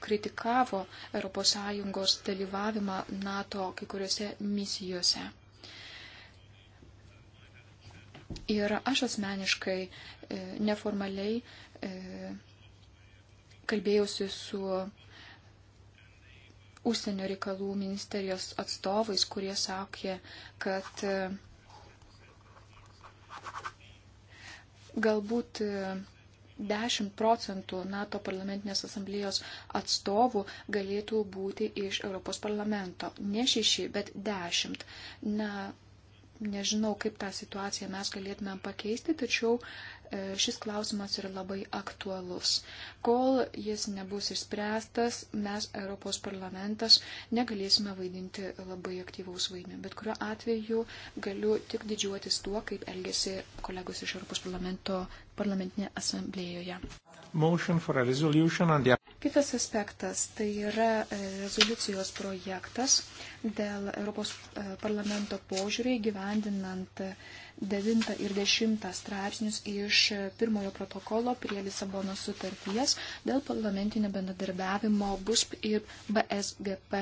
kritikavo ES dalyvavimą NATO kai kuriuose misijose. Ir aš asmeniškai e, neformaliai kalbėjausi su užsienio reikalų ministerijos atstovais, kurie sakė, kad Galbūt 10 e, procentų NATO parlamentinės asamblėjos atstovų galėtų būti iš Europos parlamento. Ne 6, bet 10. Na, nežinau, kaip tą situaciją mes galėtumėm pakeisti, tačiau E, šis klausimas yra labai aktualus. Kol jis nebus išspręstas, mes, Europos parlamentas, negalėsime vaidinti labai aktyvaus vaidmenį. Bet kuriuo atveju galiu tik didžiuotis tuo, kaip elgesi kolegos iš Europos parlamento parlamentinėje asamblėjoje. The... Kitas aspektas tai yra e, rezoliucijos projektas dėl Europos e, parlamento požiūrį gyvendinant 9 ir 10 straipsnius iš pirmojo protokolo prie Lisabono sutarties dėl parlamentinio bendradarbiavimo BUSP ir BSGP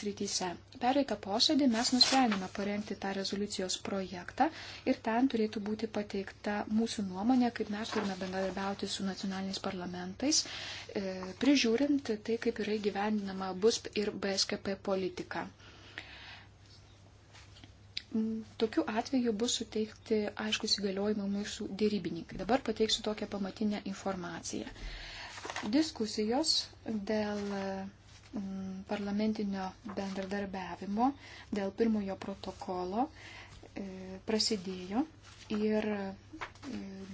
srityse. Pereitą posėdį mes nusprendėme parengti tą rezoliucijos projektą ir ten turėtų būti pateikta mūsų nuomonė, kaip mes turime bendradarbiauti su nacionaliniais parlamentais, e, prižiūrint tai, kaip yra įgyvendinama BUSP ir BSGP politika. Tokiu atveju bus suteikti aiškus įgaliojimai mūsų dėrybininkai. Dabar pateiksiu tokią pamatinę informaciją. Diskusijos dėl mm, parlamentinio bendradarbiavimo, dėl pirmojo protokolo E, prasidėjo ir e,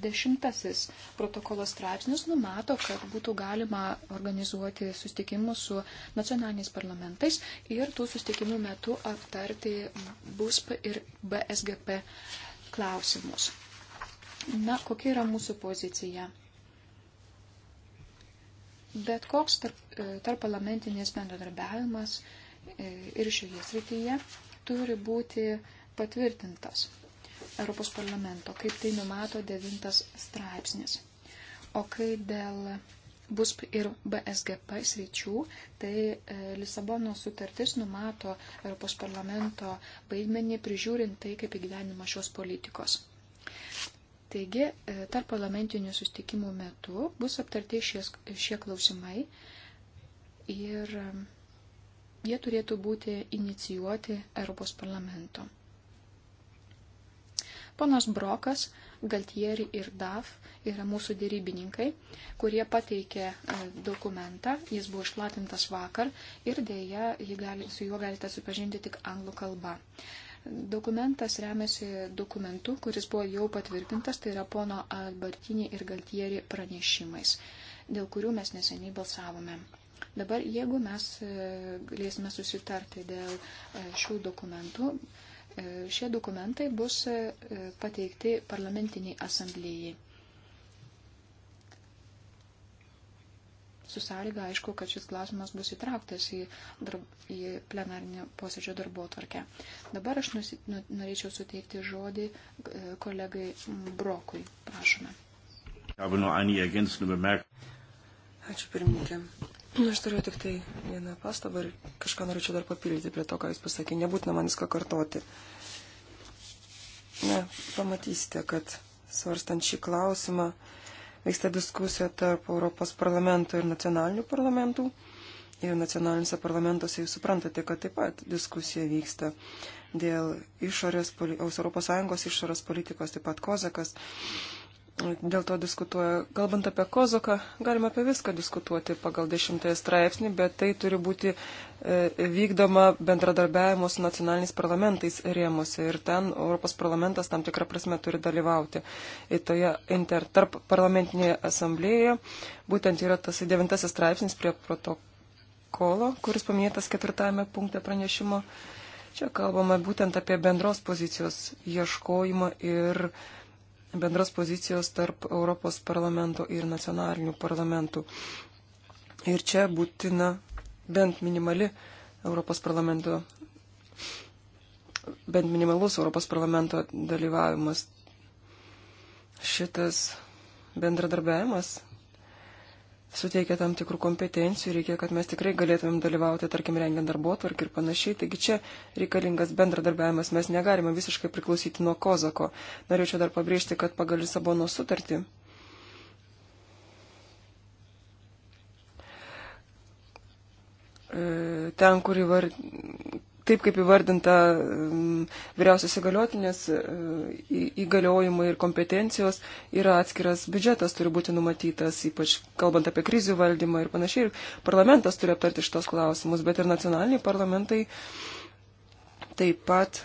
dešimtasis protokolo straipsnis numato, kad būtų galima organizuoti sustikimus su nacionaliniais parlamentais ir tų sustikimų metu aptarti BUSP ir BSGP klausimus. Na, kokia yra mūsų pozicija? Bet koks tarp, e, tarp parlamentinės bendradarbiavimas ir šioje srityje turi būti uh, patvirtintas Europos parlamento, kaip tai numato devintas straipsnis. O kai dėl bus ir BSGP sričių, tai e, Lisabono sutartis numato Europos parlamento vaidmenį prižiūrint tai, kaip įgyvenima šios politikos. Taigi, e, tarp parlamentinių sustikimų metu bus aptarti šie, šie klausimai ir e, jie turėtų būti inicijuoti Europos parlamento. Ponas Brokas, Galtieri ir DAF yra mūsų dėrybininkai, kurie pateikė e, dokumentą, jis buvo išplatintas vakar ir dėja gali, su juo galite supažinti tik anglų kalba. Dokumentas remiasi dokumentu, kuris buvo jau patvirtintas, tai yra pono Albertinį ir Galtieri pranešimais, dėl kurių mes neseniai balsavome. Dabar, jeigu mes e, galėsime susitarti dėl e, šių dokumentų, E, šie dokumentai bus e, pateikti parlamentiniai asamblėjai. Su sąlyga aišku, kad šis klausimas bus įtrauktas į, darb, į plenarinį posėdžio darbo tvarkę. Dabar aš nusi, nu, norėčiau suteikti žodį e, kolegai Brokui. Prašome. Ačiū pirmininkė. Na, nu, aš turiu tik tai vieną pastabą ir kažką norėčiau dar papildyti prie to, ką jūs pasakė. Nebūtina man viską kartoti. Na, pamatysite, kad svarstant šį klausimą vyksta diskusija tarp Europos parlamento ir nacionalinių parlamentų. Ir nacionaliniuose parlamentuose jūs suprantate, kad taip pat diskusija vyksta dėl išorės, Europos Sąjungos išorės politikos, taip pat Kozakas dėl to diskutuoja. Kalbant apie Kozoką, galima apie viską diskutuoti pagal dešimtąją straipsnį, bet tai turi būti e, vykdoma bendradarbiavimo su nacionaliniais parlamentais rėmuose ir ten Europos parlamentas tam tikrą prasme turi dalyvauti. Ir toje inter, tarp parlamentinėje asamblėje būtent yra tas devintasis straipsnis prie protokolo, kuris paminėtas ketvirtame punkte pranešimo. Čia kalbama būtent apie bendros pozicijos ieškojimą ir uh, bendros pozicijos tarp Europos parlamento ir nacionalinių parlamentų. Ir čia būtina bent minimali Europos parlamento, bent minimalus Europos parlamento dalyvavimas. Šitas bendradarbiavimas suteikia tam tikrų kompetencijų, reikia, kad mes tikrai galėtumėm dalyvauti, tarkim, rengiant darbo tvarkį ir panašiai. Taigi čia reikalingas bendradarbiavimas, mes negalime visiškai priklausyti nuo Kozako. Norėčiau dar pabrėžti, kad pagal Lisabono sutartį. E, ten, kur, įvar, taip kaip įvardinta mm, vyriausios įgaliotinės e, įgaliojimai ir kompetencijos, yra atskiras biudžetas turi būti numatytas, ypač kalbant apie krizių valdymą ir panašiai. Ir parlamentas turi aptarti šitos klausimus, bet ir nacionaliniai parlamentai taip pat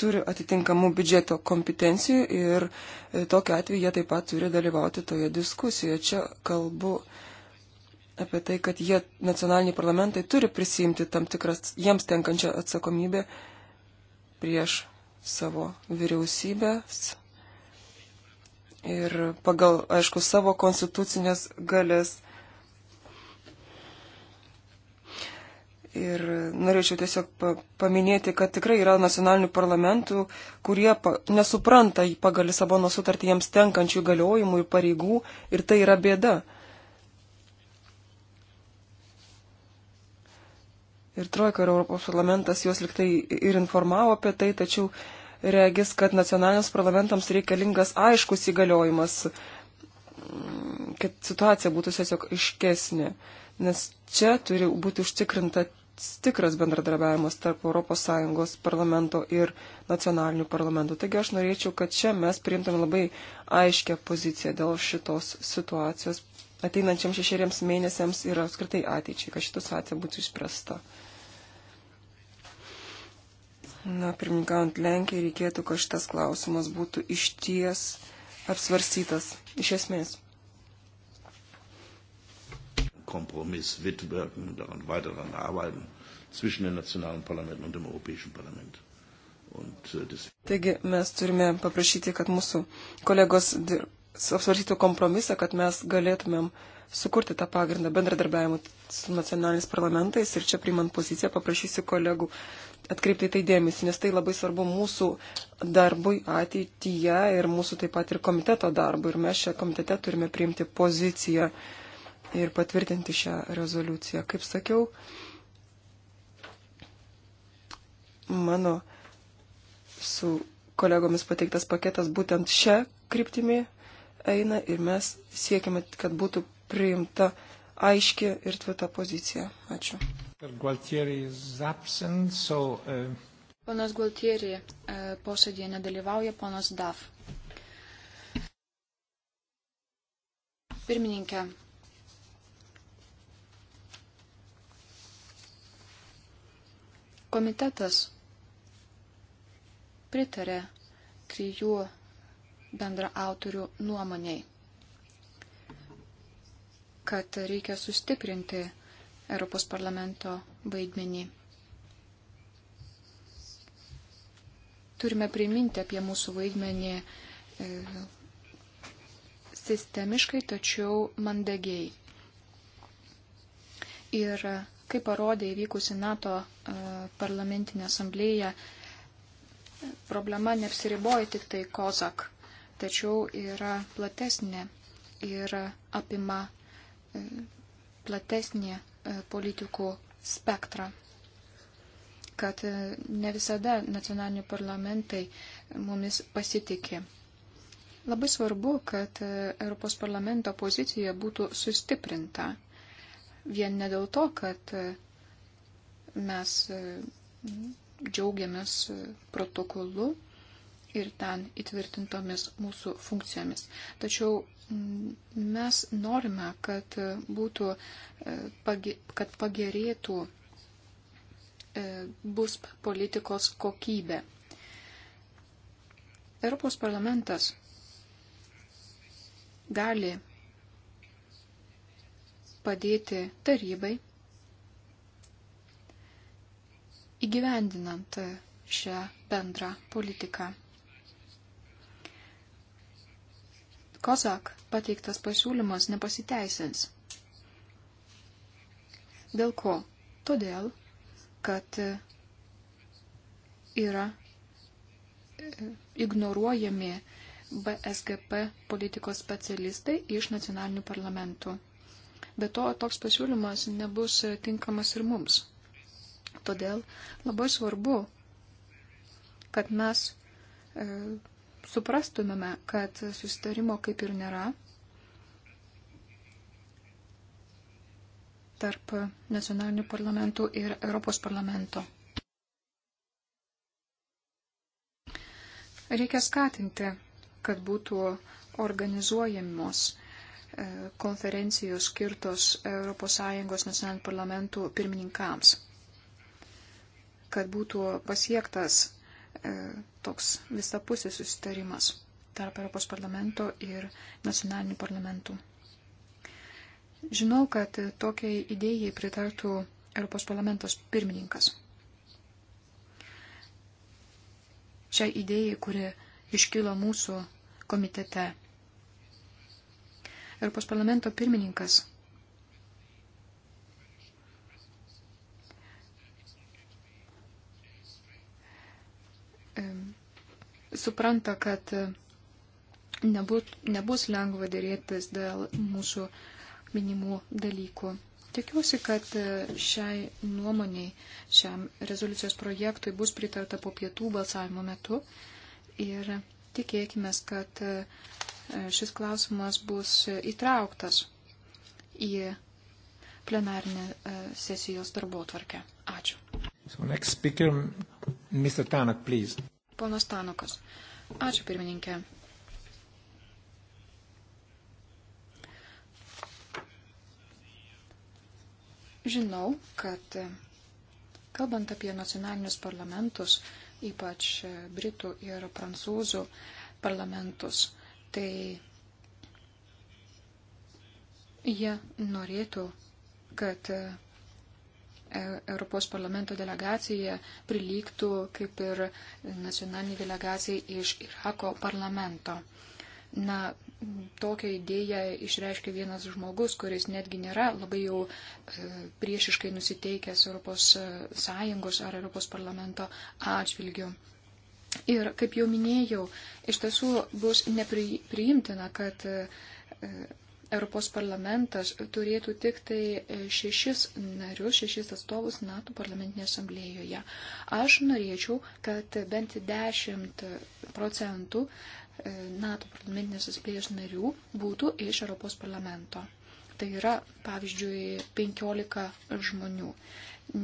turi atitinkamų biudžeto kompetencijų ir e, tokiu atveju jie taip pat turi dalyvauti toje diskusijoje. Čia kalbu apie tai, kad jie, nacionaliniai parlamentai, turi prisimti tam tikras jiems tenkančią atsakomybę prieš savo vyriausybės ir pagal, aišku, savo konstitucinės galės. Ir norėčiau tiesiog paminėti, kad tikrai yra nacionalinių parlamentų, kurie nesupranta pagal Lisabono sutartį jiems tenkančių galiojimų ir pareigų, ir tai yra bėda. ir Trojka ir Europos parlamentas juos liktai ir informavo apie tai, tačiau regis, kad nacionaliniams parlamentams reikalingas aiškus įgaliojimas, mm, kad situacija būtų tiesiog aiškesnė, nes čia turi būti užtikrinta tikras bendradarbiavimas tarp ES parlamento ir nacionalinių parlamentų. Taigi aš norėčiau, kad čia mes priimtume labai aiškę poziciją dėl šitos situacijos ateinančiam šešeriems mėnesiams ir apskritai ateičiai, kad šitą situaciją būtų išspręsta. Na, pirmininkant Lenkijai reikėtų, kad šitas klausimas būtų išties apsvarstytas iš esmės. Kompromiss mitwirken und weiter daran arbeiten zwischen den nationalen Parlamenten und dem Europäischen Parlament. Und, äh, Taigi mes turime paprašyti, kad mūsų kolegos apsvarstytų kompromisą, kad mes galėtumėm sukurti tą pagrindą bendradarbiavimu su nacionaliniais parlamentais ir čia priimant poziciją paprašysiu kolegų atkreipti tai dėmesį, nes tai labai svarbu mūsų darbui ateityje ir mūsų taip pat ir komiteto darbui. Ir mes šią komitete turime priimti poziciją ir patvirtinti šią rezoliuciją. Kaip sakiau, mano su kolegomis pateiktas paketas būtent šią kryptimį eina ir mes siekiame, kad būtų priimta aiški ir tvirta pozicija. Ačiū. Absent, so, uh... Ponas Gualtieri uh, posėdėje nedalyvauja, ponas Daf. Pirmininkė, komitetas pritarė trijų bendra autorių nuomoniai, kad reikia sustiprinti Europos parlamento vaidmenį. Turime priminti apie mūsų vaidmenį e, sistemiškai, tačiau mandagiai. Ir kaip parodė įvykusi NATO e, parlamentinė asamblėja, problema neapsiriboja tik tai Kozak tačiau yra platesnė ir apima e, platesnį e, politikų spektrą kad e, ne visada nacionaliniai parlamentai mumis pasitikė. Labai svarbu, kad Europos parlamento pozicija būtų sustiprinta. Vien ne dėl to, kad mes džiaugiamės protokolu, ir ten įtvirtintomis mūsų funkcijomis. Tačiau mm, mes norime, kad būtų, e, kad pagerėtų e, bus politikos kokybė. Europos parlamentas gali padėti tarybai įgyvendinant šią bendrą politiką. Kozak pateiktas pasiūlymas nepasiteisins. Dėl ko? Todėl, kad e, yra e, ignoruojami BSGP politikos specialistai iš nacionalinių parlamentų. Be to, toks pasiūlymas nebus e, tinkamas ir mums. Todėl labai svarbu, kad mes suprastumėme, kad susitarimo kaip ir nėra tarp nacionalinių parlamentų ir Europos parlamento. Reikia skatinti, kad būtų organizuojamos e, konferencijos skirtos ES nacionalinių parlamentų pirmininkams, kad būtų pasiektas E, toks visapusis susitarimas tarp Europos parlamento ir nacionalinių parlamentų. Žinau, kad tokiai idėjai pritartų Europos parlamentos pirmininkas. Šiai idėjai, kuri iškilo mūsų komitete. Europos parlamento pirmininkas supranta, kad nebūt, nebus lengva dėrėtis dėl mūsų minimų dalykų. Tikiuosi, kad šiai nuomoniai, šiam rezoliucijos projektui bus pritarta po pietų balsavimo metu ir tikėkime, kad e, šis klausimas bus įtrauktas į plenarinę e, sesijos darbo tvarkę. Ačiū. So next speaker, Mr. Tanak, please. Ponas Tanukas. Ačiū, pirmininkė. Žinau, kad kalbant apie nacionalinius parlamentus, ypač Britų ir Prancūzų parlamentus, tai jie norėtų, kad Europos parlamento delegacija prilygtų kaip ir nacionaliniai delegacijai iš Irako parlamento. Na, tokią idėją išreiškia vienas žmogus, kuris netgi nėra labai jau e, priešiškai nusiteikęs Europos Sąjungos ar Europos parlamento atžvilgių. Ir, kaip jau minėjau, iš tiesų bus nepriimtina, kad e, Europos parlamentas turėtų tik tai e, šešis narius, šešis atstovus NATO parlamentinėje asamblėjoje. Aš norėčiau, kad bent 10 procentų e, NATO parlamentinės asamblėjos narių būtų iš Europos parlamento. Tai yra, pavyzdžiui, 15 žmonių.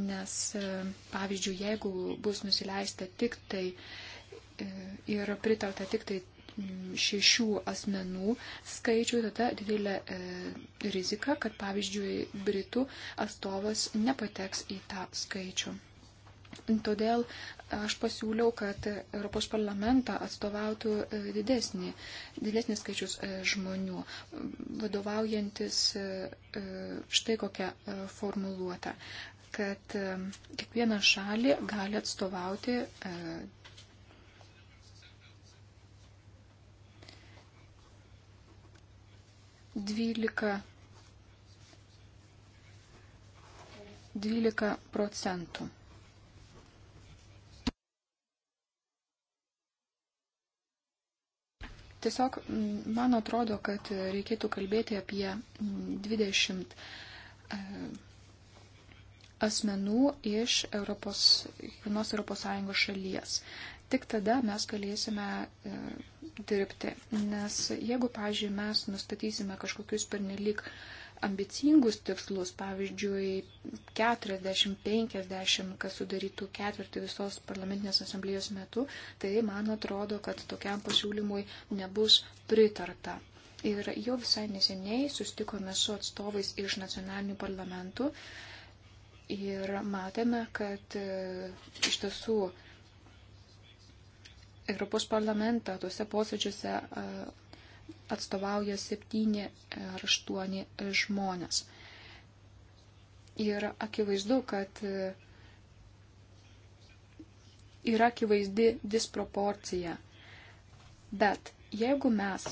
Nes, e, pavyzdžiui, jeigu bus nusileista tik tai ir pritarta tik tai Mm, šešių asmenų skaičių, tada didelė e, rizika, kad pavyzdžiui Britų atstovas nepateks į tą skaičių. Todėl aš pasiūliau, kad Europos parlamentą atstovautų e, didesnį, didesnį skaičius e, žmonių, vadovaujantis e, štai kokią formuluotę, kad kiekvieną šalį gali atstovauti 12, 12 procentų. Tiesiog mm, man atrodo, kad reikėtų kalbėti apie 20 mm, e, asmenų iš Europos, kiekvienos ES šalies. Tik tada mes galėsime e, dirbti. Nes jeigu, pavyzdžiui, mes nustatysime kažkokius pernelyg ambicingus tikslus, pavyzdžiui, 40-50, kas sudarytų ketvirtį visos parlamentinės asamblėjos metu, tai man atrodo, kad tokiam pasiūlymui nebus pritarta. Ir jau visai neseniai sustikome su atstovais iš nacionalinių parlamentų ir matėme, kad e, iš tiesų Europos parlamentą tuose posėdžiuose atstovauja septyni ar aštuoni žmonės. Ir akivaizdu, kad e, yra akivaizdi disproporcija. Bet jeigu mes,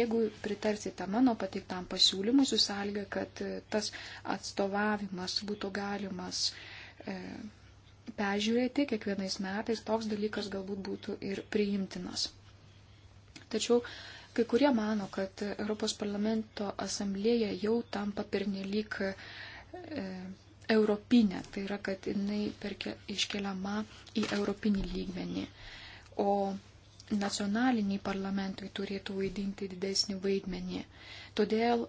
jeigu pritarsite mano pateiktam pasiūlymui su sąlyga, kad e, tas atstovavimas būtų galimas e, pežiūrėti kiekvienais metais, toks dalykas galbūt būtų ir priimtinas. Tačiau kai kurie mano, kad Europos parlamento asamblėja jau tampa pernelyg e, europinė, tai yra, kad jinai perke, iškeliama į europinį lygmenį. O nacionaliniai parlamentai turėtų vaidinti didesnį vaidmenį. Todėl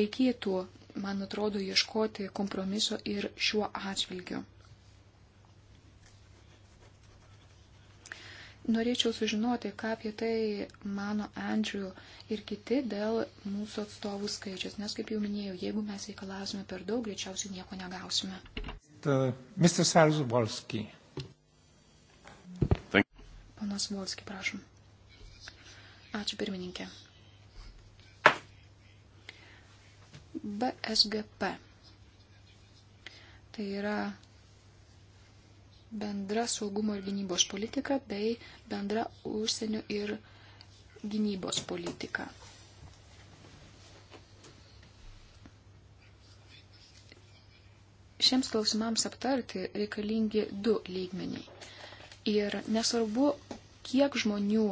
reikėtų, man atrodo, ieškoti kompromiso ir šiuo atžvilgiu. Norėčiau sužinoti, ką apie tai mano Andrew ir kiti dėl mūsų atstovų skaičius, nes, kaip jau minėjau, jeigu mes reikalausime per daug, greičiausiai nieko negausime. The, Mr. Sarzvolski. Ponas Volski, prašom. Ačiū pirmininkė. BSGP. Tai yra bendra saugumo ir gynybos politika bei bendra užsienio ir gynybos politika. Šiems klausimams aptarti reikalingi du lygmeniai. Ir nesvarbu, kiek žmonių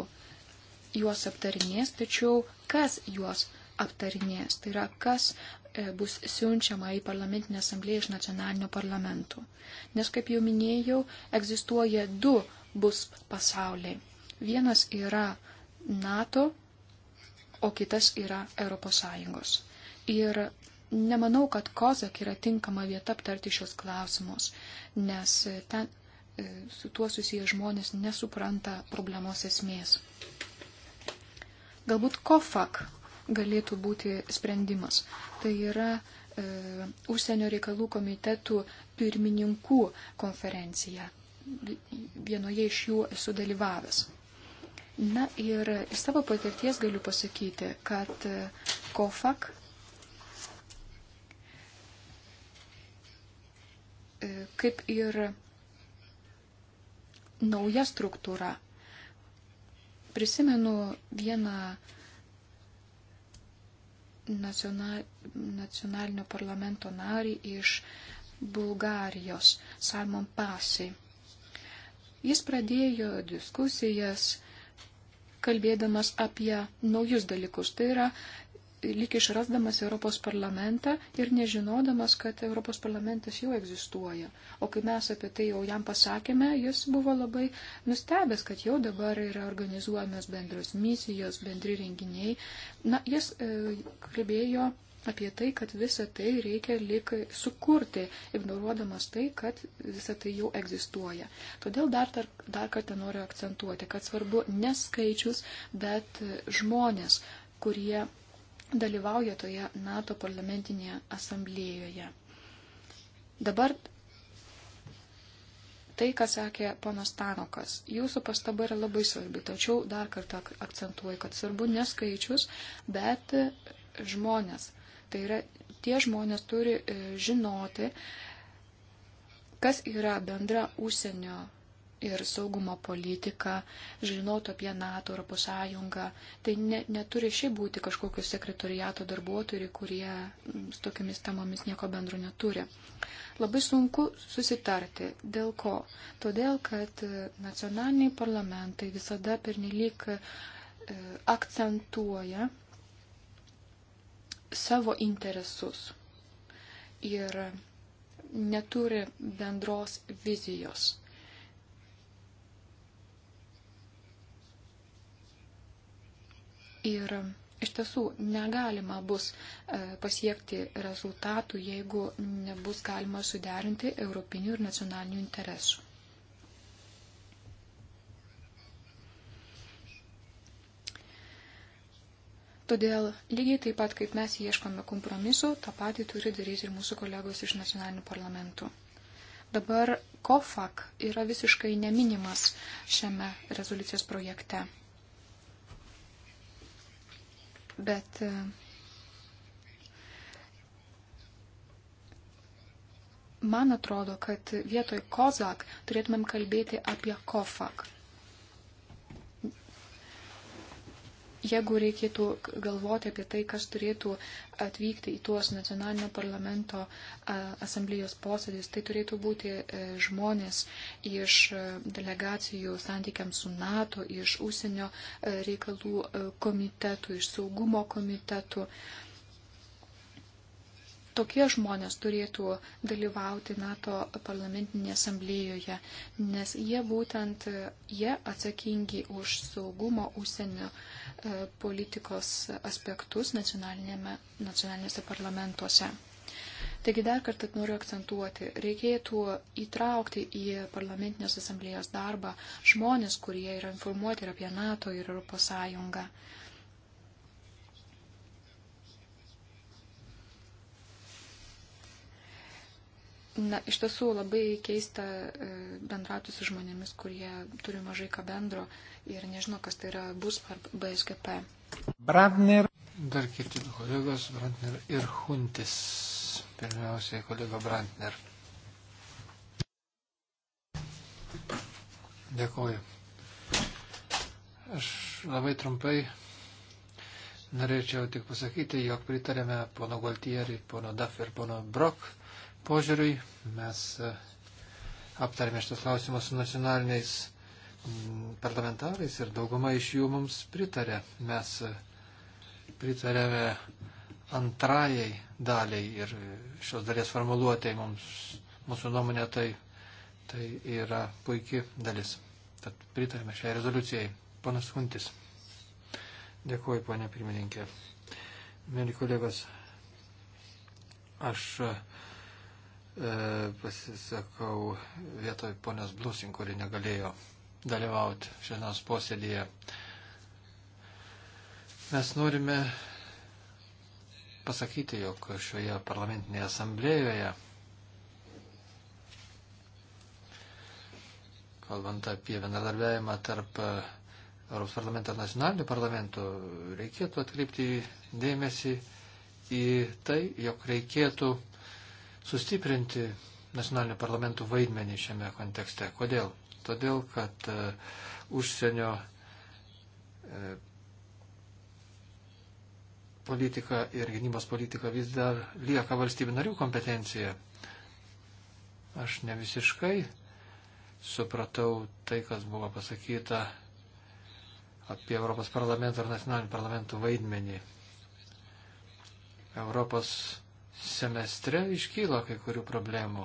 juos aptarinės, tačiau kas juos aptarinės. Tai yra, kas E, bus siunčiama į parlamentinę asamblėją iš nacionalinių parlamentų. Nes, kaip jau minėjau, egzistuoja du bus pasauliai. Vienas yra NATO, o kitas yra ES. Ir nemanau, kad Kozak yra tinkama vieta aptarti šios klausimus, nes ten e, su tuo susiję žmonės nesupranta problemos esmės. Galbūt Kofak galėtų būti sprendimas. Tai yra e, užsienio reikalų komitetų pirmininkų konferencija. Vienoje iš jų esu dalyvavęs. Na ir iš savo patirties galiu pasakyti, kad e, COFAC e, kaip ir nauja struktūra. Prisimenu vieną nacionalinio parlamento narį iš Bulgarijos, Salmon Pasai. Jis pradėjo diskusijas kalbėdamas apie naujus dalykus, tai yra lyg išrasdamas Europos parlamentą ir nežinodamas, kad Europos parlamentas jau egzistuoja. O kai mes apie tai jau jam pasakėme, jis buvo labai nustebęs, kad jau dabar yra organizuojamas bendros misijos, bendri renginiai. Na, jis e, kalbėjo apie tai, kad visą tai reikia lik sukurti, ignoruodamas tai, kad visą tai jau egzistuoja. Todėl dar, dar, dar kartą noriu akcentuoti, kad svarbu ne skaičius, bet žmonės, kurie dalyvauja toje NATO parlamentinėje asamblėjoje. Dabar tai, ką sakė ponas Tanokas. Jūsų pastaba yra labai svarbi, tačiau dar kartą akcentuoju, kad svarbu ne skaičius, bet e, žmonės. Tai yra, tie žmonės turi e, žinoti, kas yra bendra užsienio ir saugumo politiką, žinotų apie NATO, Europos Sąjungą. Tai ne, neturi šiaip būti kažkokio sekretoriato darbuotojai, kurie su tokiamis temomis nieko bendro neturi. Labai sunku susitarti. Dėl ko? Todėl, kad e, nacionaliniai parlamentai visada pernelyg e, akcentuoja savo interesus ir neturi bendros vizijos Ir iš tiesų negalima bus e, pasiekti rezultatų, jeigu nebus galima suderinti europinių ir nacionalinių interesų. Todėl lygiai taip pat, kaip mes ieškome kompromisu, tą patį turi daryti ir mūsų kolegos iš nacionalinių parlamentų. Dabar COFAC yra visiškai neminimas šiame rezoliucijos projekte bet e, man atrodo, kad vietoj kozak turėtumėm kalbėti apie kofak. Jeigu reikėtų galvoti apie tai, kas turėtų atvykti į tuos nacionalinio parlamento asamblėjos posėdžius, tai turėtų būti e, žmonės iš e, delegacijų santykiams su NATO, iš užsienio e, reikalų komitetų, iš saugumo komitetų. Tokie žmonės turėtų dalyvauti NATO parlamentinėje asamblėjoje, nes jie būtent jie atsakingi už saugumo užsienio uh, E, politikos aspektus nacionalinėse parlamentuose. Taigi dar kartą noriu akcentuoti, reikėtų įtraukti į parlamentinės asamblėjos darbą žmonės, kurie yra informuoti ir apie NATO ir ES. Na, iš tiesų labai keista e, bendrauti su žmonėmis, kurie turi mažai ką bendro ir nežino, kas tai yra bus ar BSGP. Brandner. Dar kiti du kolegos, Brandner ir Huntis. Pirmiausiai kolega Brandner. Dėkoju. Aš labai trumpai norėčiau tik pasakyti, jog pritarėme pono Galtieri, pono Daf ir pono Brok požiūriui. Mes e, aptarėme šitos klausimus su nacionaliniais parlamentarais ir dauguma iš jų mums pritarė. Mes e, pritarėme antrajai daliai ir šios dalies formuluotėjai mums, mūsų nuomonė, tai, tai yra puikia dalis. Tad pritarėme šiai rezoliucijai. Panas Huntis. Dėkuoju, ponė pirmininkė. Mėly kolegos, aš e, E, pasisakau vietoj ponios Blusin, kuri negalėjo dalyvauti šiandienos posėdėje. Mes norime pasakyti, jog šioje parlamentinėje asamblėjoje, kalbant apie bendradarbiavimą tarp Europos parlamento ir nacionalinių parlamentų, reikėtų atkreipti dėmesį į tai, jog reikėtų sustiprinti nacionalinių parlamentų vaidmenį šiame kontekste. Kodėl? Todėl, kad e, užsienio e, politika ir gynybos politika vis dar lieka valstybių narių kompetencija. Aš ne visiškai supratau tai, kas buvo pasakyta apie Europos parlamento ir nacionalinių parlamentų vaidmenį. Europos semestre iškyla kai kurių problemų.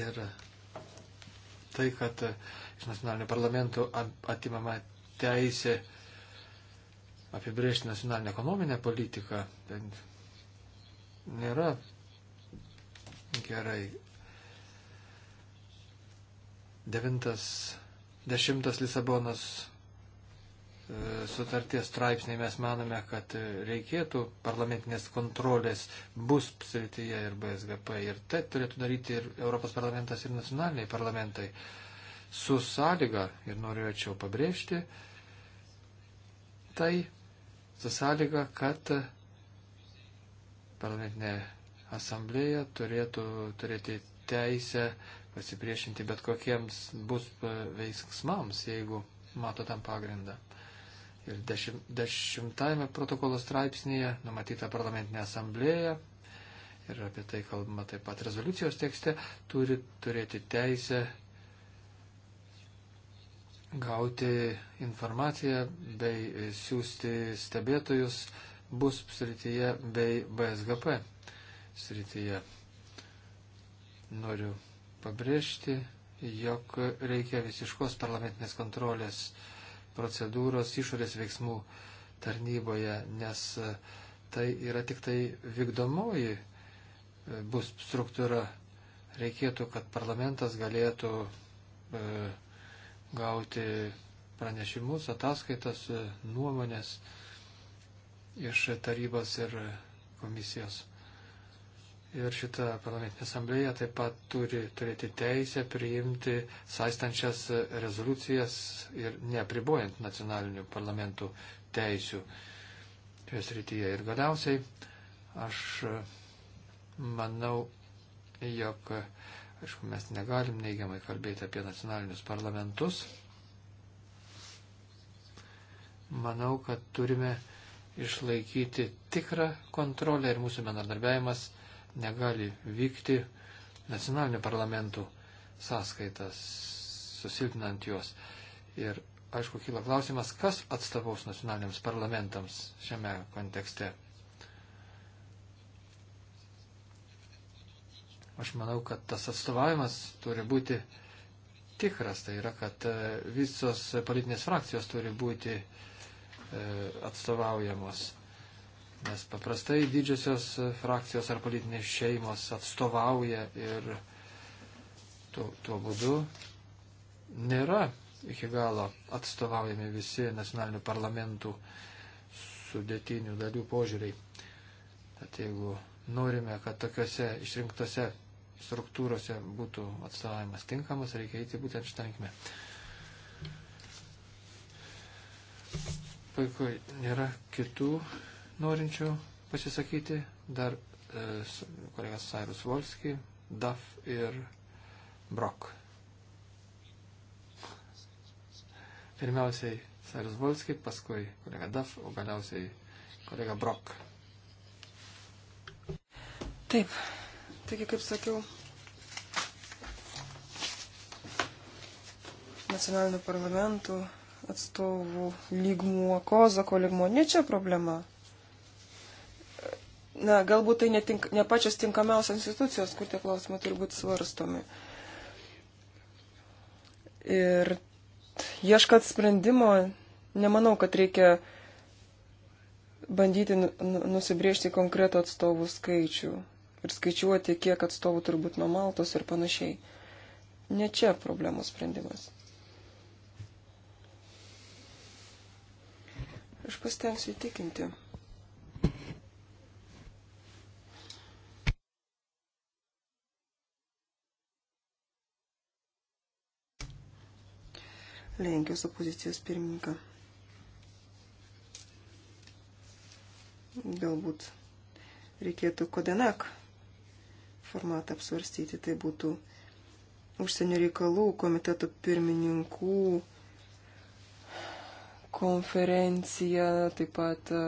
Ir tai, kad iš nacionalinių parlamentų atimama teisė apibriežti nacionalinę ekonominę politiką, tai nėra gerai. Devintas, dešimtas Lisabonas sutarties straipsniai mes manome, kad reikėtų parlamentinės kontrolės bus srityje ir BSGP ir tai turėtų daryti ir Europos parlamentas ir nacionaliniai parlamentai. Su sąlyga, ir norėčiau pabrėžti, tai su sąlyga, kad parlamentinė asamblėja turėtų turėti teisę pasipriešinti bet kokiems bus veiksmams, jeigu mato tam pagrindą. Ir dešimtajame protokolo straipsnėje numatyta parlamentinė asamblėja ir apie tai kalbama taip pat rezoliucijos tekste, turi turėti teisę gauti informaciją bei siūsti stebėtojus bus srityje bei BSGP srityje. Noriu pabrėžti, jog reikia visiškos parlamentinės kontrolės procedūros išorės veiksmų tarnyboje, nes e, tai yra tik tai vykdomoji e, bus struktūra. Reikėtų, kad parlamentas galėtų e, gauti pranešimus, ataskaitas, e, nuomonės iš tarybos ir komisijos. Ir šita parlamentinė asamblėja taip pat turi turėti teisę priimti saistančias rezoliucijas ir neapribojant nacionalinių parlamentų teisių šioje srityje. Ir galiausiai aš manau, jog, aišku, mes negalim neigiamai kalbėti apie nacionalinius parlamentus. Manau, kad turime išlaikyti tikrą kontrolę ir mūsų bendradarbiavimas negali vykti nacionalinių parlamentų sąskaitas, susilpinant juos. Ir aišku, kyla klausimas, kas atstovaus nacionaliniams parlamentams šiame kontekste. Aš manau, kad tas atstovavimas turi būti tikras, tai yra, kad e, visos politinės frakcijos turi būti e, atstovaujamos. Nes paprastai didžiosios frakcijos ar politinės šeimos atstovauja ir tuo, tuo būdu nėra iki galo atstovaujami visi nacionalinių parlamentų sudėtinių dalių požiūriai. Tad jeigu norime, kad tokiuose išrinktose struktūrose būtų atstovavimas tinkamas, reikia eiti būtent šitą linkmę. Puiku, nėra kitų norinčių pasisakyti. Dar e, kolegas Sairus Volski, Daf ir Brok. Pirmiausiai Sairus Volski, paskui kolega Daf, o galiausiai kolega Brok. Taip, taigi kaip sakiau, nacionalinių parlamentų atstovų lygmuo, kozako lygmuo, ne čia problema na, galbūt tai netink, ne pačios tinkamiausios institucijos, kur tie klausimai turi būti svarstomi. Ir ieškat sprendimo, nemanau, kad reikia bandyti nu-, nu-, nusibriežti konkretų atstovų skaičių ir skaičiuoti, kiek atstovų turi būti nuo Maltos ir panašiai. Ne čia problemos sprendimas. Aš pastengsiu įtikinti. Lenkijos opozicijos pirmininką. Galbūt reikėtų kodenak formatą apsvarstyti. Tai būtų užsienio reikalų komiteto pirmininkų konferencija, taip pat e,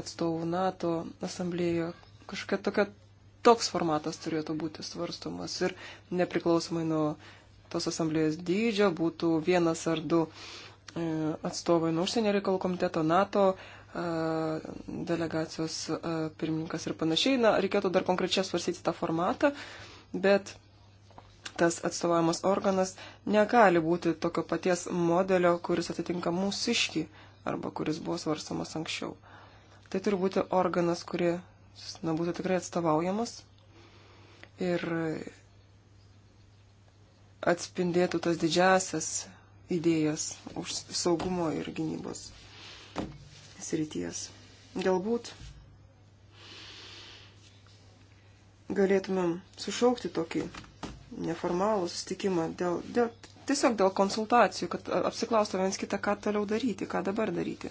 atstovų NATO asamblėje. Kažkokia tokia, toks formatas turėtų būti svarstomas ir nepriklausomai nuo tos asamblėjos dydžio būtų vienas ar du e, atstovai nuo užsienio reikalų komiteto, NATO e, delegacijos e, pirmininkas ir panašiai. Na, reikėtų dar konkrečiai svarstyti tą formatą, bet tas atstovavimas organas negali būti tokio paties modelio, kuris atitinka mūsų iški arba kuris buvo svarstamas anksčiau. Tai turi būti organas, kuris na, būtų tikrai atstovaujamas ir atspindėtų tas didžiasias idėjas už saugumo ir gynybos srities. Galbūt galėtumėm sušaukti tokį neformalų sustikimą dėl, dėl, tiesiog dėl konsultacijų, kad apsiklaustumėm viens kitą, ką toliau daryti, ką dabar daryti.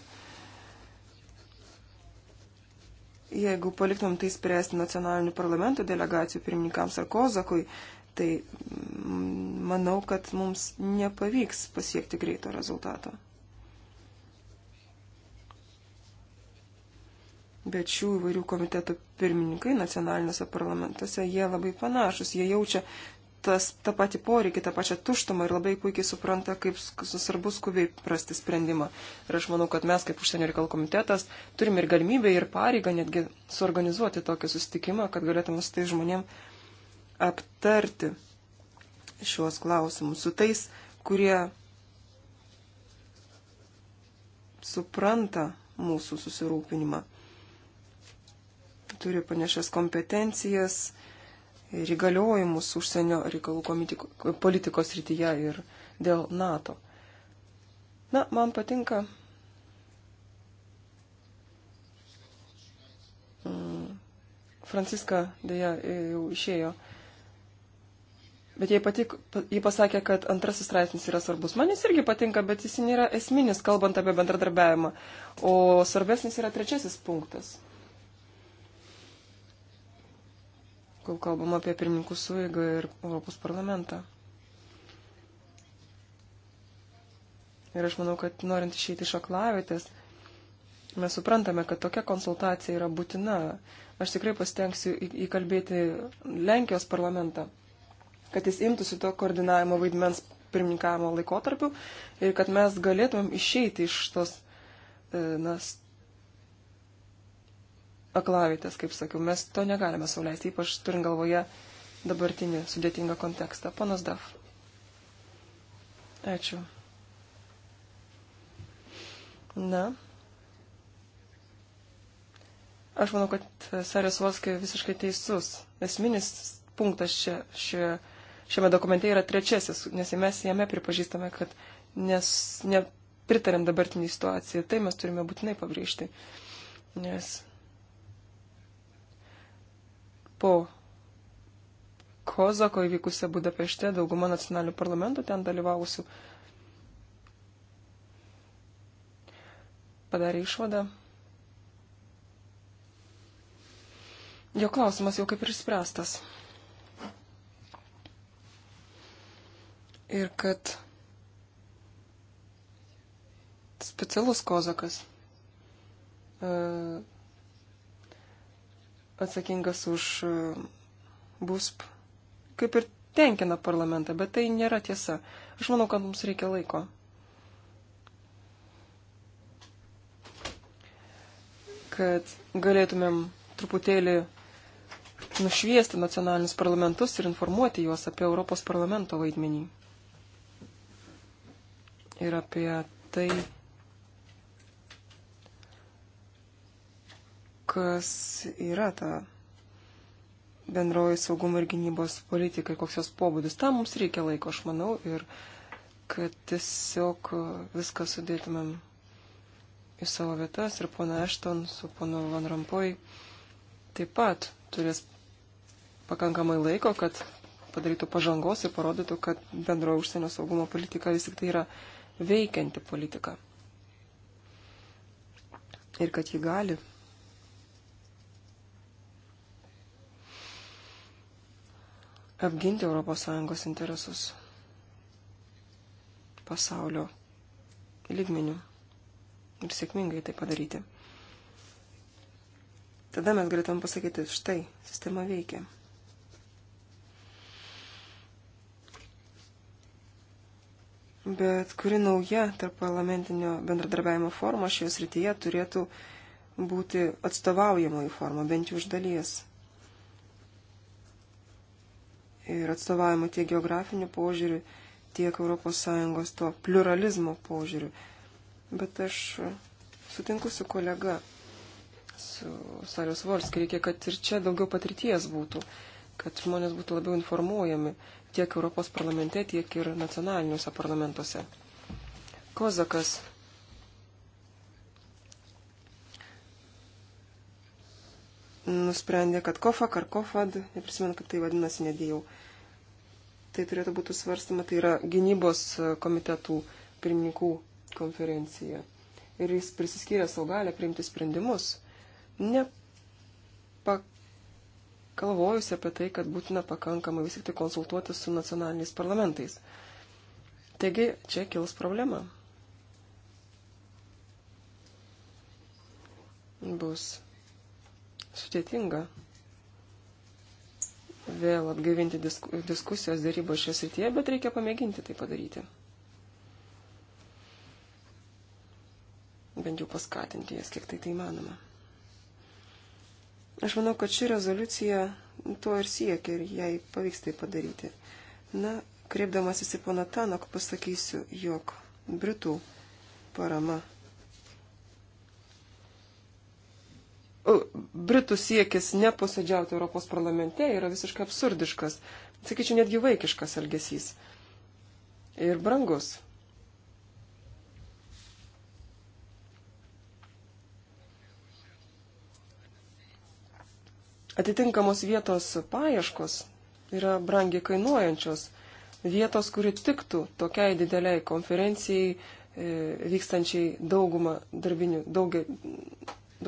Jeigu paliktum tai spręsti nacionalinių parlamentų delegacijų pirmininkams ar Kozakui, tai mm, manau, kad mums nepavyks pasiekti greito rezultato. Bet šių įvairių komitetų pirmininkai nacionaliniuose parlamentuose, jie labai panašus, jie jaučia tas, tą patį poreikį, tą pačią tuštumą ir labai puikiai supranta, kaip svarbu skubiai prasti sprendimą. Ir aš manau, kad mes kaip užsienio reikalų komitetas turim ir galimybę, ir pareigą netgi suorganizuoti tokį susitikimą, kad galėtume su tai žmonėm aptarti šiuos klausimus, su tais, kurie supranta mūsų susirūpinimą, turi panašias kompetencijas ir įgaliojimus užsienio reikalų komitiko, politikos rytyje ir dėl NATO. Na, man patinka mm, Franciska dėja e, jau išėjo Bet jie, patik, jie pasakė, kad antrasis straipsnis yra svarbus. Man jis irgi patinka, bet jis nėra esminis, kalbant apie bendradarbiavimą. O svarbesnis yra trečiasis punktas. Kol kalbam apie pirmininkų suėgą ir Europos parlamentą. Ir aš manau, kad norint išeiti iš aklavitės, mes suprantame, kad tokia konsultacija yra būtina. Aš tikrai pasitengsiu įkalbėti Lenkijos parlamentą kad jis imtųsi to koordinavimo vaidmens pirmininkavimo laikotarpiu ir kad mes galėtumėm išeiti iš tos e, na, aklavietės, kaip sakiau. Mes to negalime sauliaisti, ypač turint galvoje dabartinį sudėtingą kontekstą. Ponas Daf. Ačiū. Na. Aš manau, kad Sarės Volskė visiškai teisus. Esminis punktas čia, šioje šiame dokumente yra trečiasis, nes mes jame pripažįstame, kad nes, nepritarėm dabartinį situaciją. Tai mes turime būtinai pabrėžti. Nes po Kozako įvykusią Budapešte dauguma nacionalinių parlamentų ten dalyvausių padarė išvadą. Jo klausimas jau kaip ir spręstas. ir kad specialus kozakas e, atsakingas už e, BUSP kaip ir tenkina parlamentą, bet tai nėra tiesa. Aš manau, kad mums reikia laiko. Kad galėtumėm truputėlį nušviesti nacionalinius parlamentus ir informuoti juos apie Europos parlamento vaidmenį ir apie tai, kas yra ta bendroji saugumo ir gynybos politika ir koks jos pobūdis. Tam mums reikia laiko, aš manau, ir kad tiesiog viską sudėtumėm į savo vietas ir pona Ešton su ponu Van Rampoj taip pat turės pakankamai laiko, kad padarytų pažangos ir parodytų, kad bendroji užsienio saugumo politika vis tik tai yra veikianti politika. Ir kad ji gali. apginti ES interesus pasaulio lygmenių ir sėkmingai tai padaryti. Tada mes galėtum pasakyti, štai, sistema veikia. bet kuri nauja tarp parlamentinio bendradarbiavimo forma šioje srityje turėtų būti atstovaujamoji forma, bent jau iš dalies. Ir atstovaujama tiek geografiniu požiūriu, tiek ES to pluralizmo požiūriu. Bet aš sutinku su kolega, su Salius Volski, reikia, kad ir čia daugiau patirties būtų, kad žmonės būtų labiau informuojami tiek Europos parlamente, tiek ir nacionaliniuose parlamentuose. Kozakas nusprendė, kad kofa, karkofad, neprisimenu, kad tai vadinasi, nedėjau. Tai turėtų būti svarstama, tai yra gynybos komitetų pirmininkų konferencija. Ir jis prisiskyrė savo galę priimti sprendimus. Nepak kalvojusi apie tai, kad būtina pakankamai vis tik tai konsultuoti su nacionaliniais parlamentais. Taigi čia kils problema. Bus sudėtinga vėl atgaivinti disk diskusijos dėrybos šią srityje, bet reikia pamėginti tai padaryti. Bent jau paskatinti jas, kiek tai tai manoma. Aš manau, kad ši rezoliucija to ir siekia ir jai pavyks tai padaryti. Na, kreipdamasis į poną Tanok pasakysiu, jog Britų parama. O, Britų siekis neposėdžiauti Europos parlamente yra visiškai absurdiškas, sakyčiau, netgi vaikiškas elgesys. Ir brangus. Atitinkamos vietos paieškos yra brangiai kainuojančios. Vietos, kuri tiktų tokiai dideliai konferencijai, e, vykstančiai daugumą darbinių, daugia,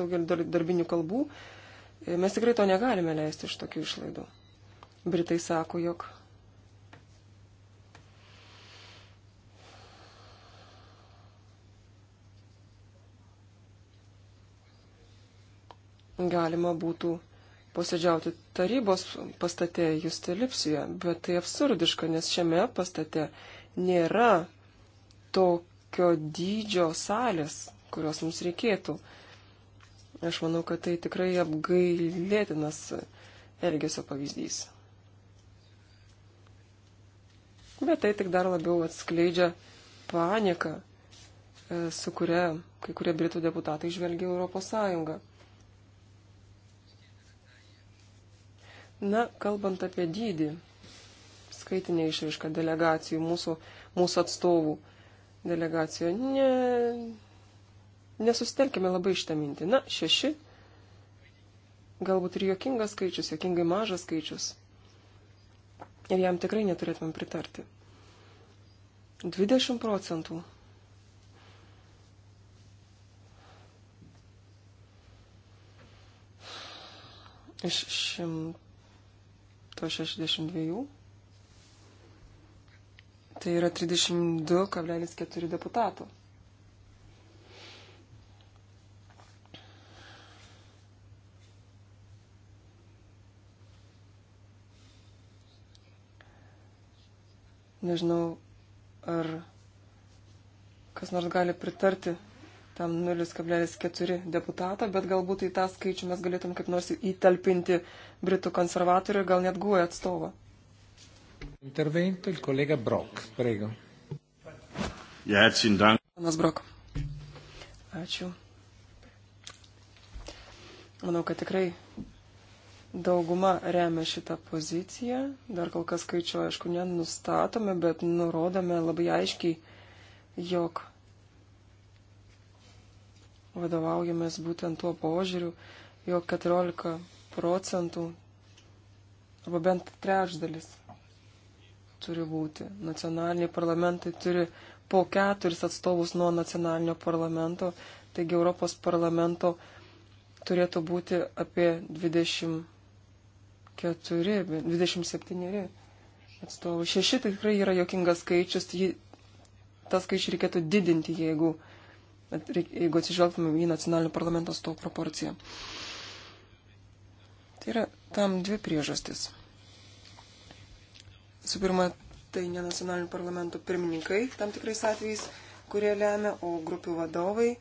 daugelį darbinių kalbų, e, mes tikrai to negalime leisti iš tokių išlaidų. Britai sako, jog. Galima būtų posėdžiauti tarybos pastate Justilipsijoje, bet tai absurdiška, nes šiame pastate nėra tokio dydžio salės, kurios mums reikėtų. Aš manau, kad tai tikrai apgailėtinas elgesio pavyzdys. Bet tai tik dar labiau atskleidžia paniką, e, su kuria kai kurie britų deputatai žvelgia Europos Sąjungą. Na, kalbant apie dydį, skaitinė išraiška delegacijų, mūsų, mūsų atstovų delegacijų, ne, nesustelkime labai šitą mintį. Na, šeši, galbūt ir jokingas skaičius, jokingai mažas skaičius. Ir jam tikrai neturėtumėm pritarti. 20 procentų iš šimtų to 62. Tai yra 32,4 deputatų. Nežinau, ar kas nors gali pritarti tam 0,4 deputatą, bet galbūt į tą skaičių mes galėtum kaip nors įtalpinti Britų konservatorių ir gal net guoja atstovą. Intervento il kolega Brok, prego. Panas Brok. Ačiū. Manau, kad tikrai dauguma remia šitą poziciją. Dar kol kas skaičių, aišku, nenustatome, bet nurodome labai aiškiai, jog vadovaujamės būtent tuo požiūriu, jog 14 procentų arba bent trečdalis turi būti. Nacionaliniai parlamentai turi po keturis atstovus nuo nacionalinio parlamento, taigi Europos parlamento turėtų būti apie 24, 27 atstovų. Šeši tai tikrai yra jokingas skaičius, tai jį, tą skaičių reikėtų didinti, jeigu jeigu atsižvelgtumėm į nacionalinio parlamento stovų proporciją. Tai yra tam dvi priežastis. Su pirma, tai ne nacionalinių parlamentų pirmininkai tam tikrais atvejais, kurie lemia, o grupių vadovai,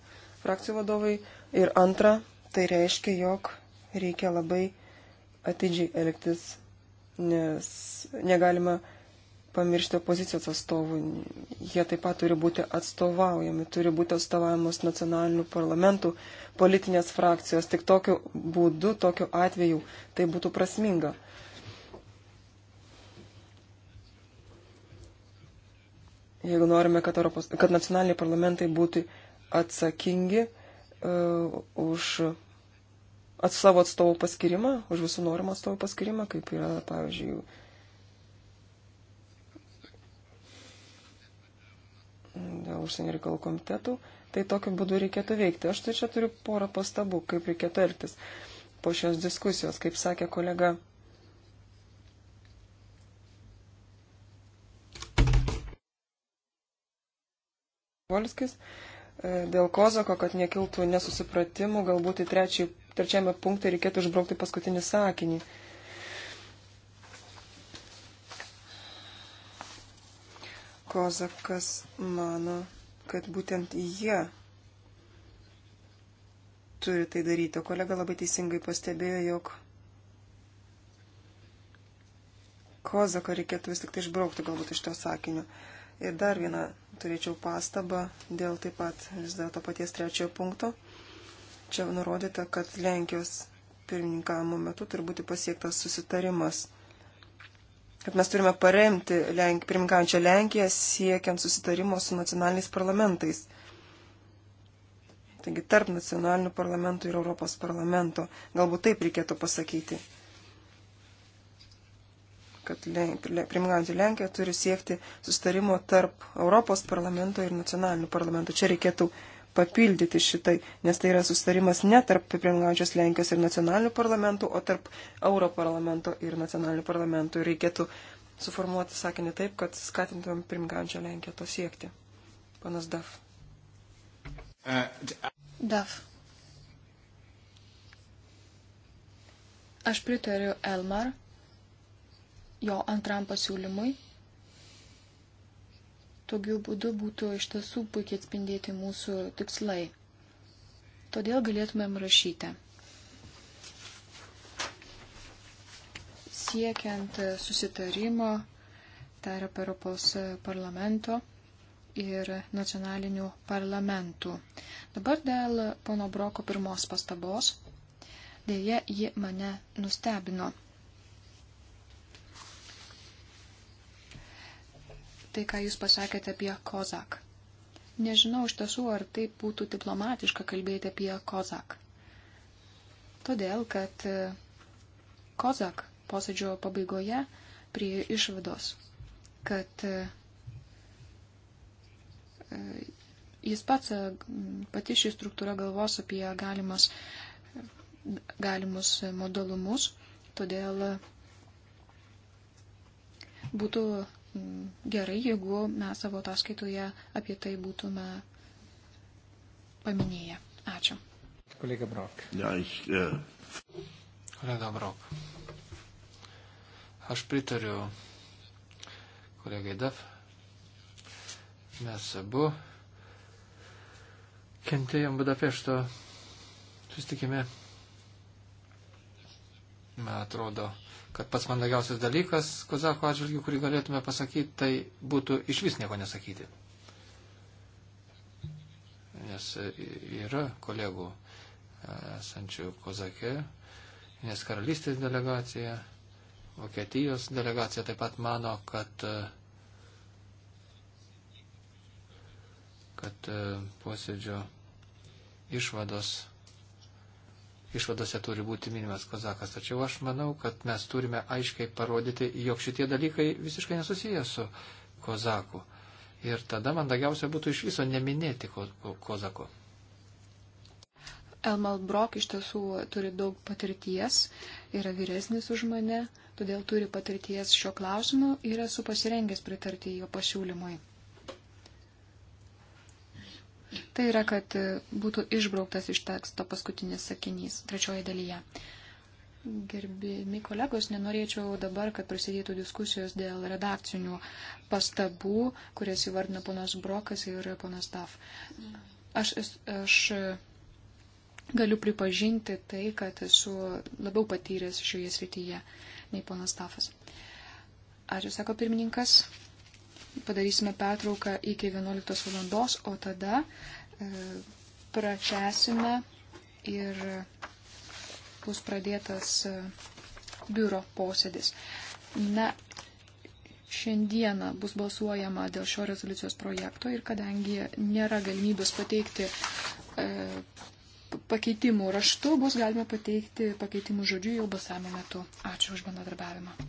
frakcijų vadovai. Ir antra, tai reiškia, jog reikia labai atidžiai elgtis, nes negalima pamiršti opozicijos atstovų. Jie taip pat turi būti atstovaujami, turi būti atstovaujamos nacionalinių parlamentų politinės frakcijos. Tik tokiu būdu, tokiu atveju tai būtų prasminga. Jeigu norime, kad, Europos, kad nacionaliniai parlamentai būtų atsakingi uh, už at savo atstovų paskirimą, už visų norimą atstovų paskirimą, kaip yra, pavyzdžiui, dėl užsienio reikalų komitetų, tai tokiu būdu reikėtų veikti. Aš tai čia turiu porą pastabų, kaip reikėtų elgtis po šios diskusijos, kaip sakė kolega. Volskis, e, dėl Kozako, kad nekiltų nesusipratimų, galbūt į trečiai, trečiame punkte reikėtų išbraukti paskutinį sakinį. Kozakas mano, kad būtent jie turi tai daryti. O kolega labai teisingai pastebėjo, jog Kozaką reikėtų vis tik tai išbraukti galbūt iš to sakinio. Ir dar vieną turėčiau pastabą dėl taip pat vis dar to paties trečiojo punkto. Čia nurodyta, kad Lenkijos pirmininkavimo metu turi būti pasiektas susitarimas kad mes turime paremti Lenk, pirmininkaujančią Lenkiją siekiant susitarimo su nacionaliniais parlamentais. Taigi tarp nacionalinių parlamentų ir Europos parlamento. Galbūt taip reikėtų pasakyti. Kad Lenk, primgaujantį Lenkiją turi siekti sustarimo tarp Europos parlamento ir nacionalinių parlamentų. Čia reikėtų uh, papildyti šitai, nes tai yra sustarimas ne tarp pirmingaujančios Lenkijos ir nacionalinių parlamentų, o tarp Europarlamento ir nacionalinių parlamentų. Ir reikėtų suformuoti sakinį taip, kad skatintumėm pirmingaujančią Lenkiją to siekti. Panas Daf. Uh, Daf. Aš pritariu Elmar jo antram pasiūlymui Tokiu būdu būtų iš tiesų puikiai atspindėti mūsų tikslai. Todėl galėtumėm rašyti. Siekiant susitarimo tarp Europos parlamento ir nacionalinių parlamentų. Dabar dėl pono Broko pirmos pastabos. Deja, ji mane nustebino. tai, ką Jūs pasakėte apie Kozak. Nežinau iš tiesų, ar tai būtų diplomatiška kalbėti apie Kozak. Todėl, kad e, Kozak posėdžio pabaigoje prie išvados, kad e, e, jis pats, pati šį struktūrą galvos apie galimas, galimus modalumus, todėl būtų Mm, gerai, jeigu mes savo ataskaitoje apie tai būtume paminėję. Ačiū. Kolega Brok. Ja, ich, äh... Kolega Brok. Aš pritariu kolegai Daf. Mes abu kentėjom Budapešto susitikime. Man atrodo, kad pats mandagiausias dalykas Kozako atžvilgių, kurį galėtume pasakyti, tai būtų iš vis nieko nesakyti. Nes e, yra kolegų e, esančių Kozake, nes karalystės delegacija, Vokietijos delegacija taip pat mano, kad, e, kad posėdžio išvados išvadose turi būti minimas kozakas. Tačiau aš manau, kad mes turime aiškiai parodyti, jog šitie dalykai visiškai nesusiję su kozaku. Ir tada mandagiausia būtų iš viso neminėti ko, ko, kozako. Elmal Brok iš tiesų turi daug patirties, yra vyresnis už mane, todėl turi patirties šio klausimu ir esu pasirengęs pritarti jo pasiūlymui. Tai yra, kad būtų išbrauktas iš teksto paskutinis sakinys trečioje dalyje. Gerbimi kolegos, nenorėčiau dabar, kad prasidėtų diskusijos dėl redakcinių pastabų, kurias įvardino ponas Brokas ir ponas Taf. Aš, aš galiu pripažinti tai, kad esu labiau patyręs šioje srityje nei ponas Tafas. Ačiū, sako pirmininkas padarysime pertrauką iki 11 valandos, o tada e, pračiasime ir bus pradėtas e, biuro posėdis. Na, šiandieną bus balsuojama dėl šio rezoliucijos projekto ir kadangi nėra galimybės pateikti e, pakeitimų raštu, bus galima pateikti pakeitimų žodžių jau balsavimo metu. Ačiū už bendradarbiavimą.